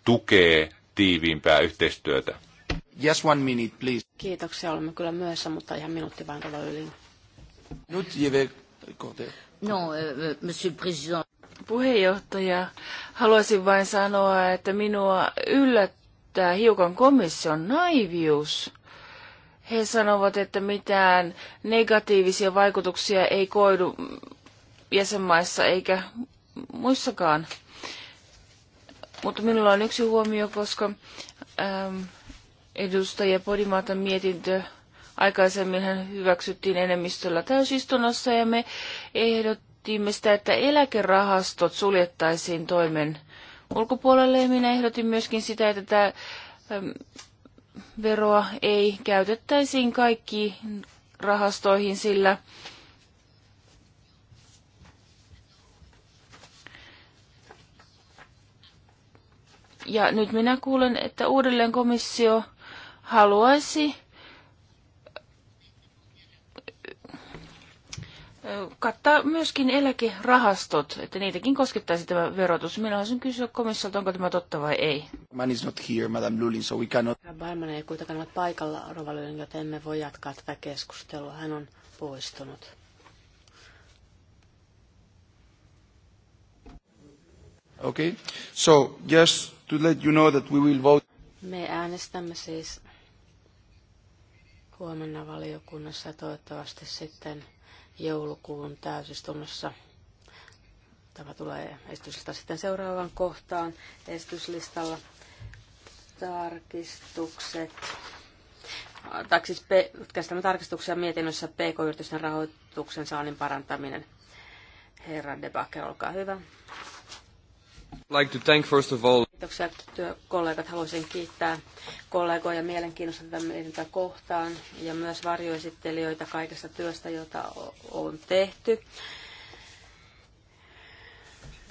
tukee tiiviimpää yhteistyötä. Yes, one minute, please. Kiitoksia, olemme kyllä myöhässä, mutta ihan minuutti vain tuolla yli. Nyt No, eh, eh, monsieur president. Puheenjohtaja, haluaisin vain sanoa, että minua yllättää hiukan komission naivius. He sanovat, että mitään negatiivisia vaikutuksia ei koidu jäsenmaissa eikä muissakaan. Mutta minulla on yksi huomio, koska ähm, edustaja Podimatan mietintö aikaisemmin hän hyväksyttiin enemmistöllä täysistunnossa ja me ehdottimme sitä, että eläkerahastot suljettaisiin toimen ulkopuolelle ja minä ehdotin myöskin sitä, että tämä veroa ei käytettäisiin kaikkiin rahastoihin, sillä Ja nyt minä kuulen, että uudelleen komissio haluaisi kattaa myöskin eläkerahastot, että niitäkin koskettaisi tämä verotus. Minä haluaisin kysyä komissiolta, onko tämä totta vai ei. Man is not here, Madame Lulin, so we cannot... Barman ei kuitenkaan ole paikalla, Rova joten emme voi jatkaa tätä keskustelua. Hän on poistunut. Okay, so just to let you know that we will vote... Me äänestämme siis huomenna valiokunnassa ja toivottavasti sitten joulukuun täysistunnossa tämä tulee esityslista sitten seuraavaan kohtaan esityslistalla tarkistukset tai siis käsitämme tarkistuksia mietinnössä PK-yritysten rahoituksen saannin parantaminen. Herra Debake, olkaa hyvä. Like to thank first of all. Kiitoksia Kollegat, Haluaisin kiittää kollegoja mielenkiinnosta tätä mietintöä kohtaan ja myös varjoesittelijöitä kaikesta työstä, jota on tehty.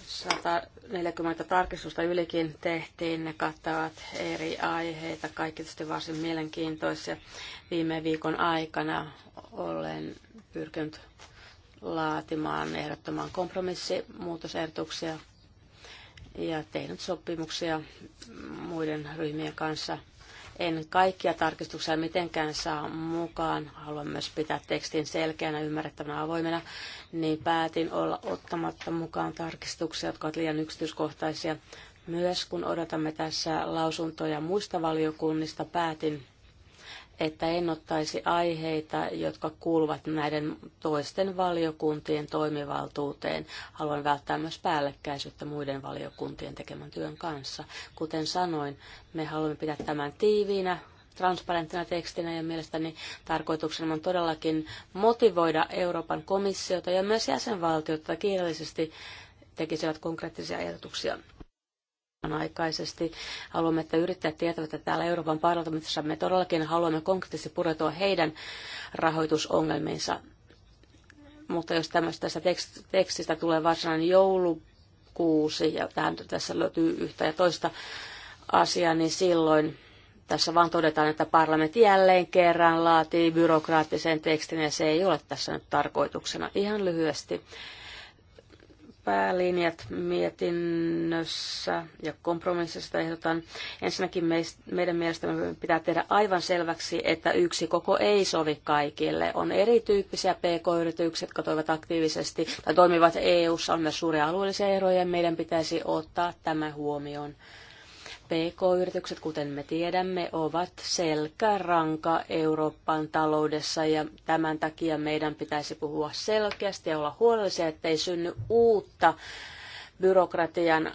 140 tarkistusta ylikin tehtiin, ne kattavat eri aiheita, kaikki tietysti varsin mielenkiintoisia. Viime viikon aikana olen pyrkinyt laatimaan ehdottoman kompromissimuutosehdotuksia ja tehnyt sopimuksia muiden ryhmien kanssa. En kaikkia tarkistuksia mitenkään saa mukaan. Haluan myös pitää tekstin selkeänä, ymmärrettävänä, avoimena. Niin päätin olla ottamatta mukaan tarkistuksia, jotka ovat liian yksityiskohtaisia. Myös kun odotamme tässä lausuntoja muista valiokunnista, päätin että en ottaisi aiheita, jotka kuuluvat näiden toisten valiokuntien toimivaltuuteen. Haluan välttää myös päällekkäisyyttä muiden valiokuntien tekemän työn kanssa. Kuten sanoin, me haluamme pitää tämän tiiviinä, transparenttina tekstinä ja mielestäni tarkoituksena on todellakin motivoida Euroopan komissiota ja myös jäsenvaltiota kiireellisesti tekisivät konkreettisia ehdotuksia aikaisesti. Haluamme, että yrittäjät tietävät, että täällä Euroopan parlamentissa me todellakin haluamme konkreettisesti pureutua heidän rahoitusongelmiinsa. Mutta jos tästä tekstistä tulee varsinainen joulukuusi ja tähän, tässä löytyy yhtä ja toista asiaa, niin silloin tässä vaan todetaan, että parlamentti jälleen kerran laatii byrokraattisen tekstin ja se ei ole tässä nyt tarkoituksena. Ihan lyhyesti päälinjat mietinnössä ja kompromississa ehdotan. Ensinnäkin meidän mielestämme pitää tehdä aivan selväksi, että yksi koko ei sovi kaikille. On erityyppisiä pk-yrityksiä, jotka toivat aktiivisesti tai toimivat EU-ssa. On myös suuria alueellisia eroja ja meidän pitäisi ottaa tämä huomioon. PK-yritykset, kuten me tiedämme, ovat selkäranka Euroopan taloudessa ja tämän takia meidän pitäisi puhua selkeästi ja olla huolellisia, ettei synny uutta byrokratian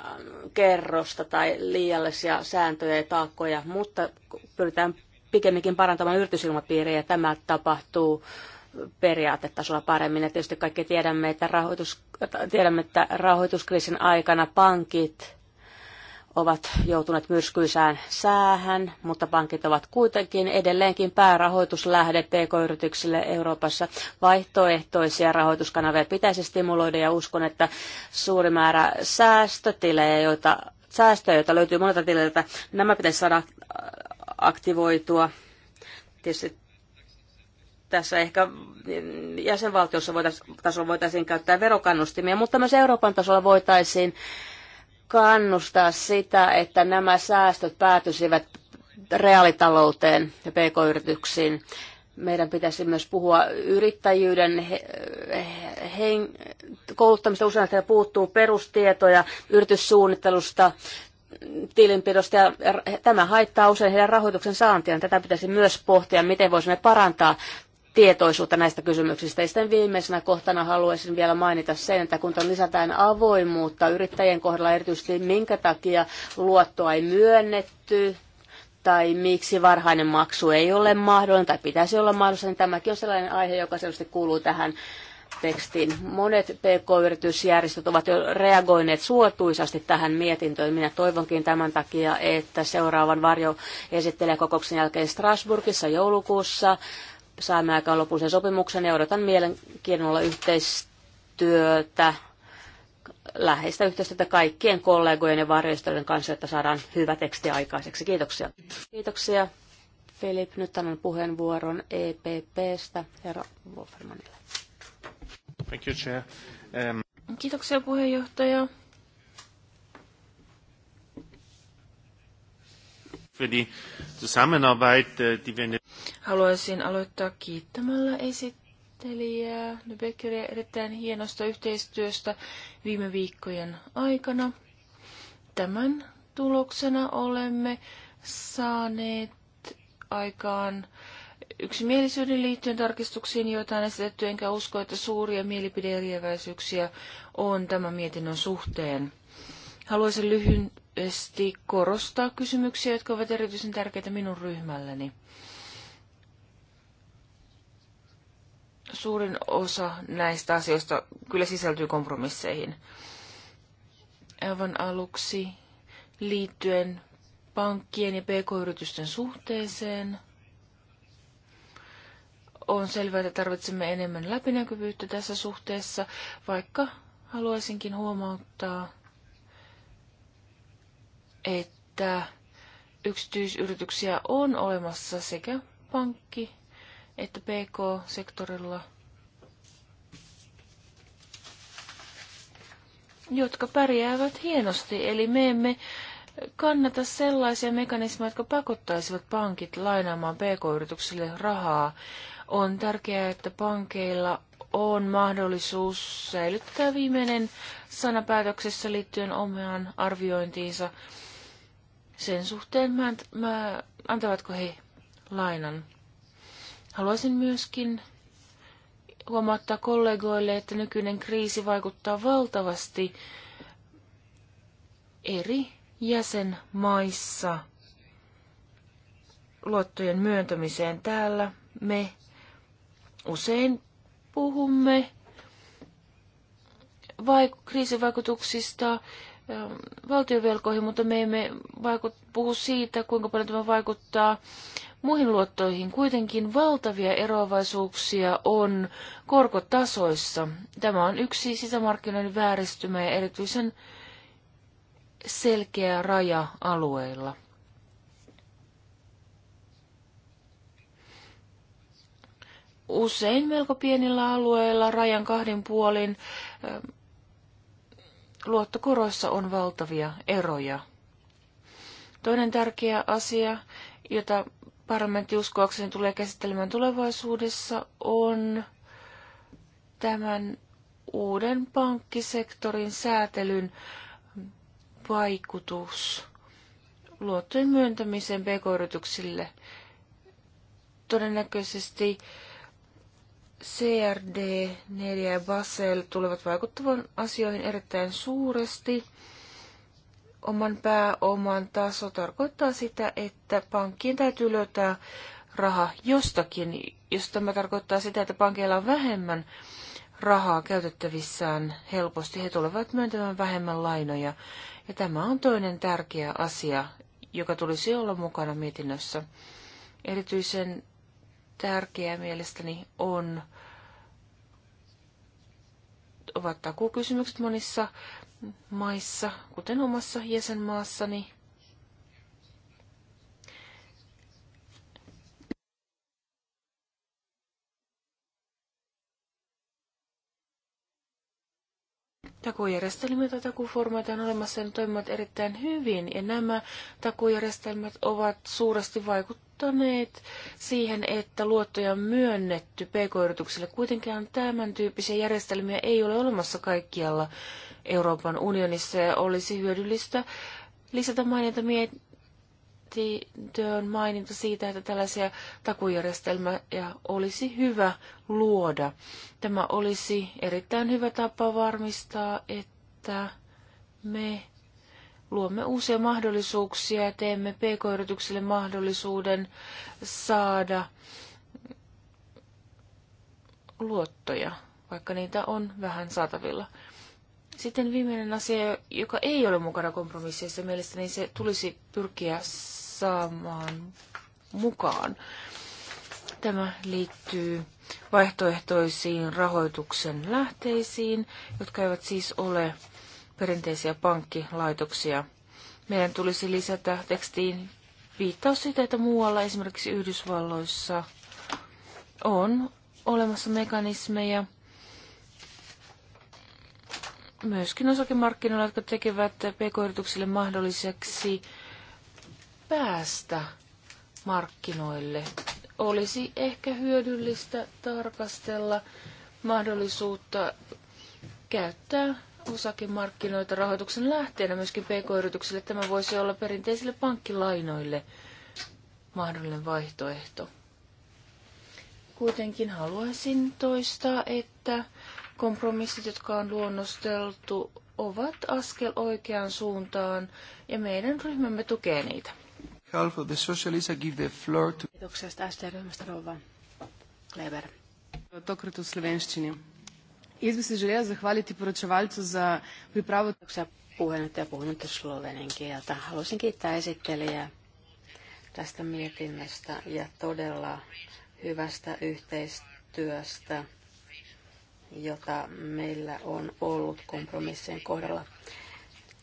kerrosta tai liiallisia sääntöjä ja taakkoja, mutta pyritään pikemminkin parantamaan yritysilmapiiriä ja tämä tapahtuu periaatetasolla paremmin. Ja tietysti kaikki tiedämme, että, rahoitus, tiedämme, että rahoituskriisin aikana pankit ovat joutuneet myrskyisään säähän, mutta pankit ovat kuitenkin edelleenkin päärahoituslähde pk-yrityksille Euroopassa. Vaihtoehtoisia rahoituskanavia pitäisi stimuloida ja uskon, että suuri määrä säästötilejä, joita, säästöjä, joita löytyy monelta tileiltä, nämä pitäisi saada äh, aktivoitua. Tietysti tässä ehkä jäsenvaltiossa voitaisiin, tasolla voitaisiin käyttää verokannustimia, mutta myös Euroopan tasolla voitaisiin kannustaa sitä, että nämä säästöt päätyisivät reaalitalouteen ja pk-yrityksiin. Meidän pitäisi myös puhua yrittäjyyden he, he, kouluttamista. Usein heillä puuttuu perustietoja yrityssuunnittelusta, tilinpidosta ja tämä haittaa usein heidän rahoituksen saantiaan. Tätä pitäisi myös pohtia, miten voisimme parantaa tietoisuutta näistä kysymyksistä. Ja sitten viimeisenä kohtana haluaisin vielä mainita sen, että kun lisätään avoimuutta yrittäjien kohdalla erityisesti minkä takia luottoa ei myönnetty, tai miksi varhainen maksu ei ole mahdollinen tai pitäisi olla mahdollista, niin tämäkin on sellainen aihe, joka selvästi kuuluu tähän tekstiin. Monet PK-yritysjärjestöt ovat jo reagoineet suotuisasti tähän mietintöön. Minä toivonkin tämän takia, että seuraavan varjo esittelee kokouksen jälkeen Strasbourgissa joulukuussa saamme aikaan lopullisen sopimuksen ja odotan mielenkiinnolla yhteistyötä, läheistä yhteistyötä kaikkien kollegojen ja varjoistojen kanssa, että saadaan hyvä teksti aikaiseksi. Kiitoksia. Kiitoksia. Filip, nyt annan puheenvuoron EPPstä herra Wolfermanille. Thank you, chair. Um... Kiitoksia puheenjohtaja. Äh, Haluaisin aloittaa kiittämällä esittelijää Nybekeriä erittäin hienosta yhteistyöstä viime viikkojen aikana. Tämän tuloksena olemme saaneet aikaan yksimielisyyden liittyen tarkistuksiin, joita on esitetty, enkä usko, että suuria mielipideeriäväisyyksiä on tämän mietinnön suhteen. Haluaisin lyhyen erityisesti korostaa kysymyksiä, jotka ovat erityisen tärkeitä minun ryhmälleni. Suurin osa näistä asioista kyllä sisältyy kompromisseihin. Aivan aluksi liittyen pankkien ja pk-yritysten suhteeseen. On selvää, että tarvitsemme enemmän läpinäkyvyyttä tässä suhteessa, vaikka haluaisinkin huomauttaa, että yksityisyrityksiä on olemassa sekä pankki- että PK-sektorilla, jotka pärjäävät hienosti. Eli me emme kannata sellaisia mekanismeja, jotka pakottaisivat pankit lainaamaan PK-yrityksille rahaa. On tärkeää, että pankeilla on mahdollisuus säilyttää viimeinen sanapäätöksessä liittyen omaan arviointiinsa sen suhteen, mä, mä, antavatko he lainan. Haluaisin myöskin huomauttaa kollegoille, että nykyinen kriisi vaikuttaa valtavasti eri jäsenmaissa luottojen myöntämiseen. Täällä me usein puhumme vaik- kriisivaikutuksista Ähm, valtiovelkoihin, mutta me emme vaikut, puhu siitä, kuinka paljon tämä vaikuttaa muihin luottoihin. Kuitenkin valtavia eroavaisuuksia on korkotasoissa. Tämä on yksi sisämarkkinoiden vääristymä ja erityisen selkeä raja alueilla. Usein melko pienillä alueilla rajan kahden puolin luottokoroissa on valtavia eroja. Toinen tärkeä asia, jota parlamentti uskoakseni tulee käsittelemään tulevaisuudessa, on tämän uuden pankkisektorin säätelyn vaikutus luottojen myöntämiseen pk-yrityksille. Todennäköisesti CRD4 ja Basel tulevat vaikuttavan asioihin erittäin suuresti. Oman pääoman taso tarkoittaa sitä, että pankkiin täytyy löytää raha jostakin, jos tämä tarkoittaa sitä, että pankeilla on vähemmän rahaa käytettävissään helposti. He tulevat myöntämään vähemmän lainoja. Ja tämä on toinen tärkeä asia, joka tulisi olla mukana mietinnössä. Erityisen tärkeää mielestäni on, ovat takuukysymykset monissa maissa, kuten omassa jäsenmaassani. Takujärjestelmiä tai takuformeita on olemassa ja ne toimivat erittäin hyvin. Ja nämä takujärjestelmät ovat suuresti vaikuttaneet siihen, että luottoja on myönnetty pk-yrityksille. Kuitenkaan tämän tyyppisiä järjestelmiä ei ole olemassa kaikkialla Euroopan unionissa ja olisi hyödyllistä lisätä mainita mietintöön maininta siitä, että tällaisia takujärjestelmiä olisi hyvä luoda. Tämä olisi erittäin hyvä tapa varmistaa, että me luomme uusia mahdollisuuksia ja teemme pk-yrityksille mahdollisuuden saada luottoja, vaikka niitä on vähän saatavilla. Sitten viimeinen asia, joka ei ole mukana kompromisseissa, mielestäni se tulisi pyrkiä saamaan mukaan. Tämä liittyy vaihtoehtoisiin rahoituksen lähteisiin, jotka eivät siis ole perinteisiä pankkilaitoksia. Meidän tulisi lisätä tekstiin viittaus siitä, että muualla, esimerkiksi Yhdysvalloissa, on olemassa mekanismeja, myöskin osakemarkkinoilla, jotka tekevät pk-yrityksille mahdolliseksi päästä markkinoille. Olisi ehkä hyödyllistä tarkastella mahdollisuutta käyttää osakemarkkinoita rahoituksen lähteenä myöskin pk-yrityksille. Tämä voisi olla perinteisille pankkilainoille mahdollinen vaihtoehto. Kuitenkin haluaisin toistaa, että kompromissit, jotka on luonnosteltu, ovat askel oikeaan suuntaan ja meidän ryhmämme tukee niitä behalf of the socialists, I give the floor to... Kiitoksia ST-ryhmästä rouva Kleber. Tokrat v slovenščini. Jaz bi se želela zahvaliti poročevalcu za pripravo... Kiitoksia puheenjohtaja puhunut slovenin kieltä. Haluaisin kiittää esittelijää tästä mietinnöstä ja todella hyvästä yhteistyöstä, jota meillä on ollut kompromissien kohdalla.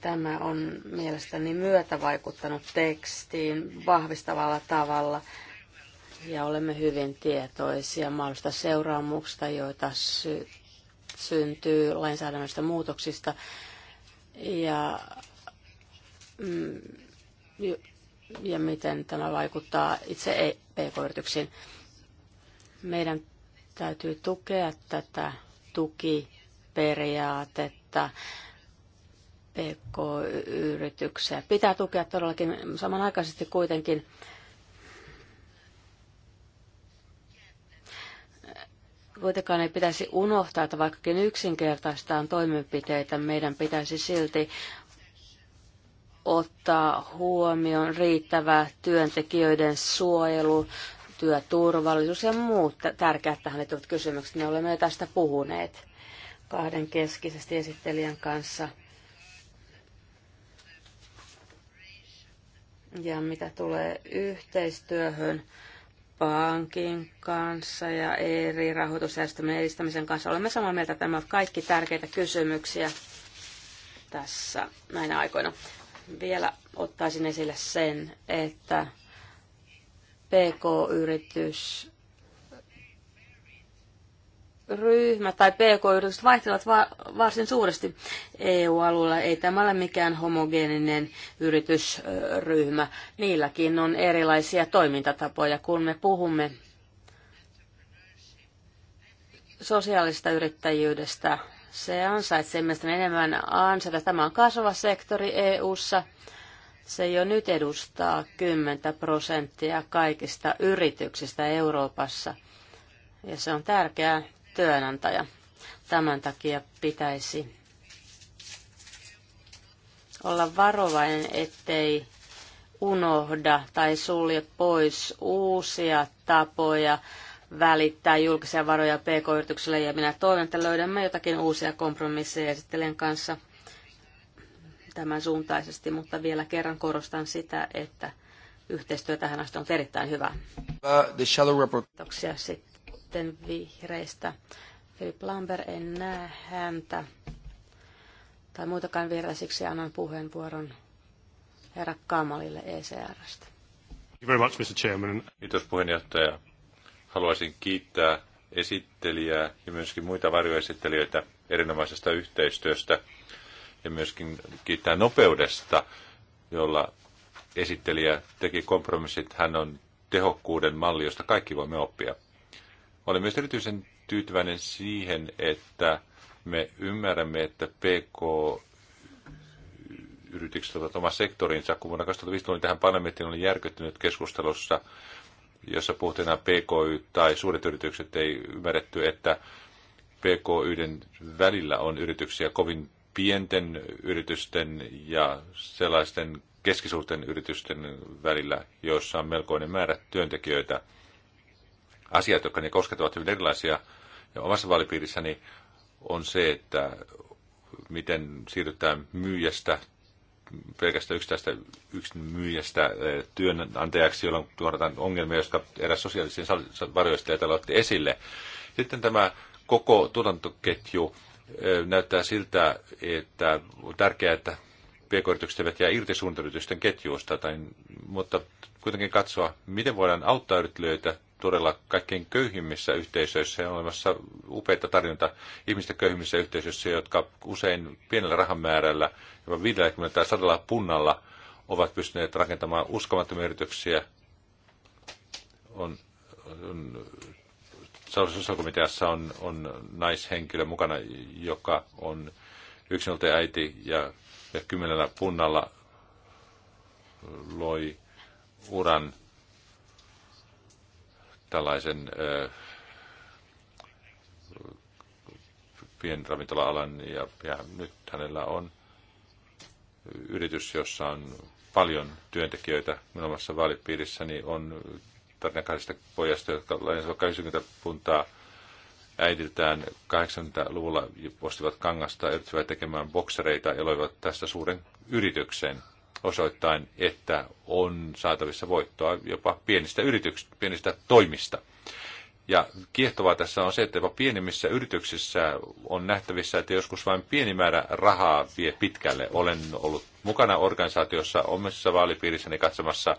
Tämä on mielestäni myötävaikuttanut tekstiin vahvistavalla tavalla ja olemme hyvin tietoisia mahdollista seuraamuksista, joita sy- syntyy lainsäädännöstä muutoksista. Ja, mm, ja miten tämä vaikuttaa itse e- pk-yrityksiin. Meidän täytyy tukea tätä tukiperiaatetta PK-yrityksiä. Pitää tukea todellakin samanaikaisesti kuitenkin Kuitenkaan ei pitäisi unohtaa, että vaikkakin yksinkertaistaan toimenpiteitä, meidän pitäisi silti ottaa huomioon riittävä työntekijöiden suojelu, työturvallisuus ja muut tärkeät tähän liittyvät kysymykset. Me olemme jo tästä puhuneet kahden keskisesti esittelijän kanssa – Ja mitä tulee yhteistyöhön pankin kanssa ja eri rahoitusjärjestelmien edistämisen kanssa, olemme samaa mieltä, että nämä ovat kaikki tärkeitä kysymyksiä tässä näinä aikoina. Vielä ottaisin esille sen, että PK-yritys ryhmät tai pk-yritykset vaihtelevat va- varsin suuresti EU-alueella. Ei tämä ole mikään homogeeninen yritysryhmä. Niilläkin on erilaisia toimintatapoja. Kun me puhumme sosiaalista yrittäjyydestä, se ansaitsee mielestäni enemmän ansaita. Tämä on kasvava sektori EU-ssa. Se jo nyt edustaa 10 prosenttia kaikista yrityksistä Euroopassa. Ja se on tärkeää työnantaja. Tämän takia pitäisi olla varovainen, ettei unohda tai sulje pois uusia tapoja välittää julkisia varoja pk-yritykselle ja minä toivon, että löydämme jotakin uusia kompromisseja esittelen kanssa tämän suuntaisesti, mutta vielä kerran korostan sitä, että yhteistyö tähän asti on erittäin hyvää. Uh, Kiitoksia sitten sitten vihreistä. Philip Lambert, en näe häntä. Tai muutakaan vielä, siksi annan puheenvuoron herra Kamalille ECRstä. Kiitos puheenjohtaja. Haluaisin kiittää esittelijää ja myöskin muita varjoesittelijöitä erinomaisesta yhteistyöstä ja myöskin kiittää nopeudesta, jolla esittelijä teki kompromissit. Hän on tehokkuuden malli, josta kaikki voimme oppia. Olen myös erityisen tyytyväinen siihen, että me ymmärrämme, että PK yritykset ovat oma sektorinsa. Kun vuonna 2015 tähän parlamenttiin oli järkyttynyt keskustelussa, jossa puhuttiin nämä PKY tai suuret yritykset, ei ymmärretty, että PKYden välillä on yrityksiä kovin pienten yritysten ja sellaisten keskisuurten yritysten välillä, joissa on melkoinen määrä työntekijöitä – asiat, jotka ne koskettavat hyvin erilaisia. Ja omassa vaalipiirissäni on se, että miten siirrytään myyjästä, pelkästään yksittäistä yksin myyjästä eh, työnantajaksi, jolloin tuodaan ongelmia, jotka eräs sosiaalisen varjoista täällä otti esille. Sitten tämä koko tuotantoketju eh, näyttää siltä, että on tärkeää, että pk-yritykset eivät jää irti suunnitelmiyritysten ketjuista, tai, mutta kuitenkin katsoa, miten voidaan auttaa yrityöitä todella kaikkein köyhimmissä yhteisöissä. On olemassa upeita tarjonta ihmistä köyhimmissä yhteisöissä, jotka usein pienellä rahamäärällä, jopa 50 tai 100 punnalla, ovat pystyneet rakentamaan uskomattomia yrityksiä. On, on sosiaalikomiteassa on, on naishenkilö mukana, joka on yksinoltaja äiti ja, ja kymmenellä punnalla loi uran tällaisen pienravintola-alan ja, ja nyt hänellä on yritys, jossa on paljon työntekijöitä minun omassa vaalipiirissäni, niin on tarina kahdesta pojasta, jotka lainasivat 80 puntaa äidiltään 80-luvulla ostivat kangasta ja tekemään boksereita ja loivat tästä suuren yrityksen osoittain, että on saatavissa voittoa jopa pienistä yrityksistä, pienistä toimista. Ja kiehtovaa tässä on se, että jopa pienimmissä yrityksissä on nähtävissä, että joskus vain pieni määrä rahaa vie pitkälle. Olen ollut mukana organisaatiossa omissa vaalipiirissäni katsomassa,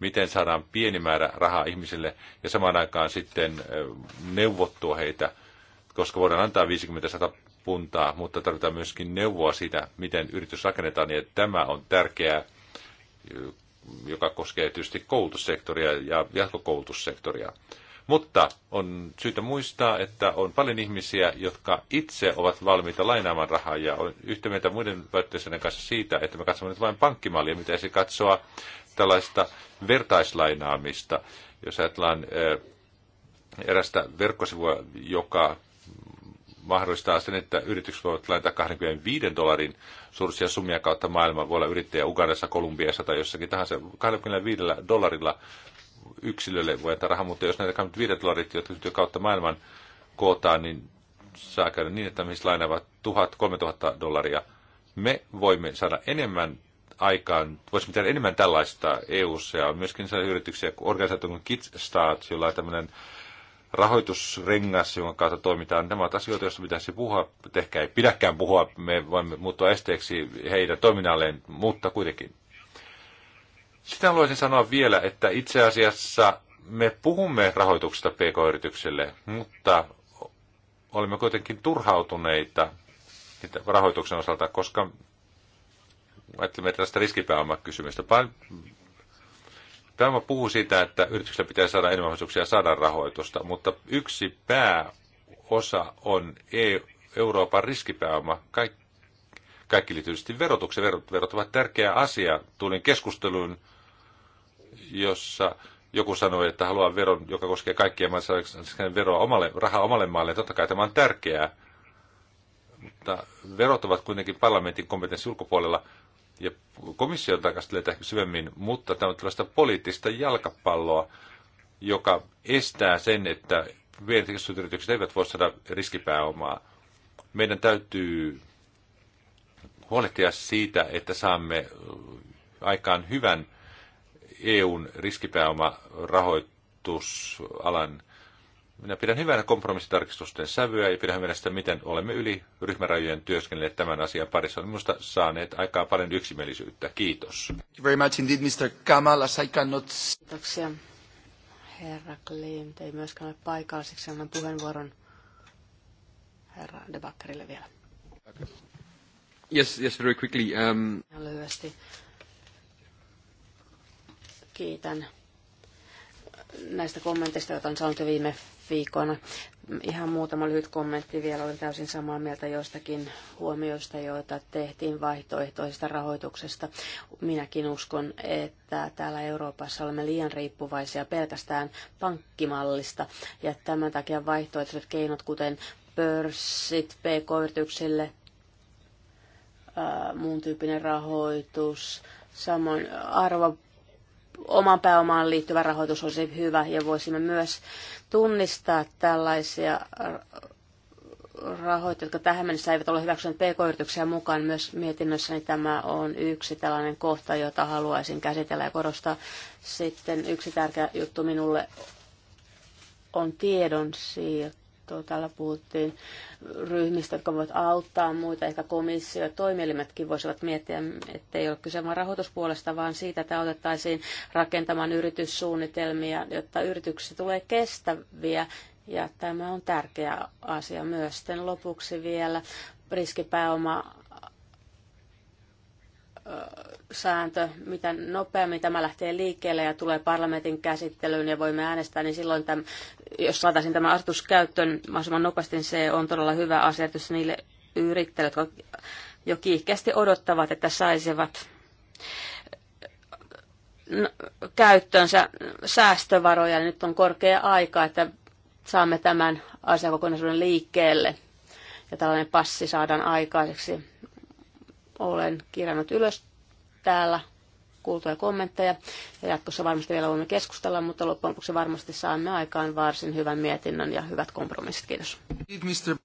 miten saadaan pieni määrä rahaa ihmisille ja samaan aikaan sitten neuvottua heitä, koska voidaan antaa 50-100 puntaa, mutta tarvitaan myöskin neuvoa siitä, miten yritys rakennetaan, ja tämä on tärkeää, joka koskee tietysti koulutussektoria ja jatkokoulutussektoria. Mutta on syytä muistaa, että on paljon ihmisiä, jotka itse ovat valmiita lainaamaan rahaa ja on yhtä mieltä muiden väitteiden kanssa siitä, että me katsomme nyt vain pankkimallia, se katsoa tällaista vertaislainaamista. Jos ajatellaan erästä verkkosivua, joka mahdollistaa sen, että yritykset voivat laittaa 25 dollarin suurisia summia kautta maailman. Voi olla yrittäjä Ugandassa, Kolumbiassa tai jossakin tahansa. 25 dollarilla yksilölle voi antaa rahaa, mutta jos näitä 25 dollarit, jotka syntyy kautta maailman, kootaan, niin saa käydä niin, että missä lainaavat 1000-3000 dollaria. Me voimme saada enemmän aikaan, voisimme tehdä enemmän tällaista EU-ssa ja on myöskin sellaisia yrityksiä kuin organisaatio kuin Kids Start, jolla on tämmöinen rahoitusrengas, jonka kautta toimitaan. Nämä ovat asioita, joista pitäisi puhua, ehkä ei pidäkään puhua, me voimme muuttua esteeksi heidän toiminnalleen, mutta kuitenkin. Sitä haluaisin sanoa vielä, että itse asiassa me puhumme rahoituksesta pk-yritykselle, mutta olemme kuitenkin turhautuneita rahoituksen osalta, koska ajattelemme tällaista riskipääomakysymystä. Pääoma puhuu siitä, että yrityksillä pitää saada enemmän mahdollisuuksia saada rahoitusta, mutta yksi pääosa on e- Euroopan riskipääoma. Kaik, kaikki liittyy verotuksen. Verot, verot ovat tärkeä asia. Tulin keskusteluun, jossa joku sanoi, että haluaa veron, joka koskee kaikkia maissa, veroa omalle, rahaa omalle maalle. Totta kai tämä on tärkeää, mutta verot ovat kuitenkin parlamentin kompetenssi ulkopuolella ja komissio tarkastelee tätä syvemmin, mutta tämä on tällaista poliittista jalkapalloa, joka estää sen, että pienet eivät voi saada riskipääomaa. Meidän täytyy huolehtia siitä, että saamme äh, aikaan hyvän EUn riskipääomarahoitusalan minä pidän hyvänä kompromissitarkistusten sävyä ja pidän hyvänä sitä, miten olemme yli ryhmärajojen työskennelleet tämän asian parissa. Olemme minusta saaneet aikaa paljon yksimielisyyttä. Kiitos. very much indeed, Mr. Kamal, as I cannot... Kiitoksia. Herra Klein, ei myöskään ole paikalla, siksi annan puheenvuoron herra Debakkarille vielä. Yes, yes, very quickly. Um... Lyhyesti. Kiitän näistä kommenteista, joita on saanut viime viikon. Ihan muutama lyhyt kommentti vielä. Olen täysin samaa mieltä joistakin huomioista, joita tehtiin vaihtoehtoisesta rahoituksesta. Minäkin uskon, että täällä Euroopassa olemme liian riippuvaisia pelkästään pankkimallista. Ja tämän takia vaihtoehtoiset keinot, kuten pörssit pk-yrityksille, muun tyyppinen rahoitus, samoin arvo oman pääomaan liittyvä rahoitus olisi hyvä ja voisimme myös tunnistaa tällaisia rahoit, jotka tähän mennessä eivät ole hyväksyneet pk-yrityksiä mukaan myös mietinnössäni. tämä on yksi tällainen kohta, jota haluaisin käsitellä ja korostaa. Sitten yksi tärkeä juttu minulle on tiedon siirto Täällä puhuttiin ryhmistä, jotka voivat auttaa muita. Ehkä komissio ja toimielimetkin voisivat miettiä, ettei ole kyse vain rahoituspuolesta, vaan siitä, että autettaisiin rakentamaan yrityssuunnitelmia, jotta yrityksissä tulee kestäviä. Ja tämä on tärkeä asia myös. Sitten lopuksi vielä riskipääoma sääntö, mitä nopeammin tämä lähtee liikkeelle ja tulee parlamentin käsittelyyn ja voimme äänestää, niin silloin tämän jos saataisiin tämä asetus käyttöön mahdollisimman nopeasti, niin se on todella hyvä asetus niille yrittäjille, jotka jo kiihkeästi odottavat, että saisivat käyttöönsä säästövaroja. Niin nyt on korkea aika, että saamme tämän asiakokonaisuuden liikkeelle ja tällainen passi saadaan aikaiseksi. Olen kirjannut ylös täällä kuultuja kommentteja. Ja jatkossa varmasti vielä voimme keskustella, mutta loppujen lopuksi varmasti saamme aikaan varsin hyvän mietinnön ja hyvät kompromissit. Kiitos.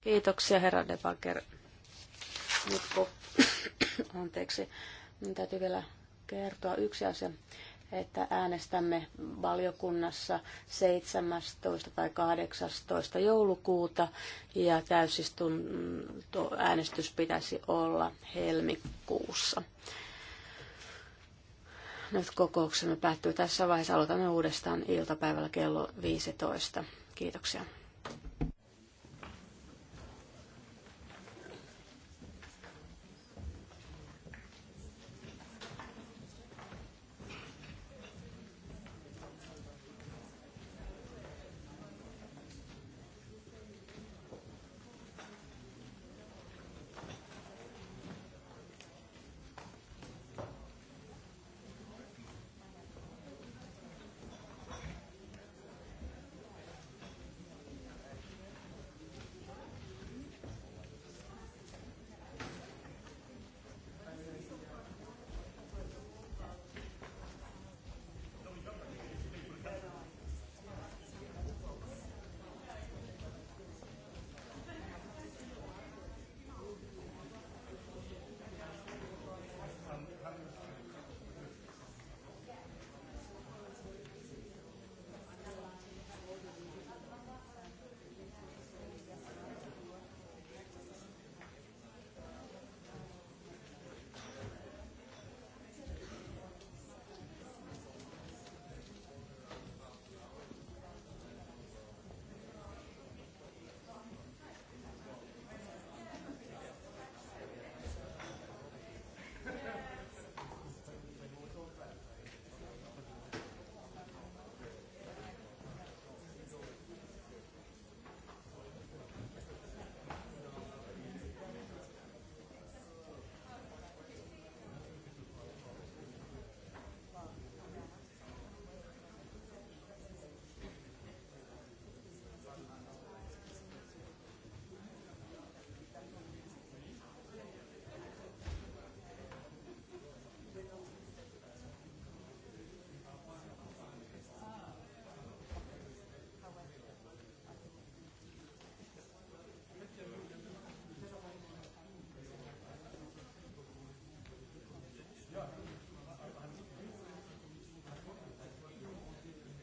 Kiitoksia, herra Debaker. Anteeksi. Minun niin täytyy vielä kertoa yksi asia että äänestämme valiokunnassa 17. tai 18. joulukuuta ja täysistun äänestys pitäisi olla helmikuussa. Nyt kokouksemme päättyy tässä vaiheessa. Aloitamme uudestaan iltapäivällä kello 15. Kiitoksia.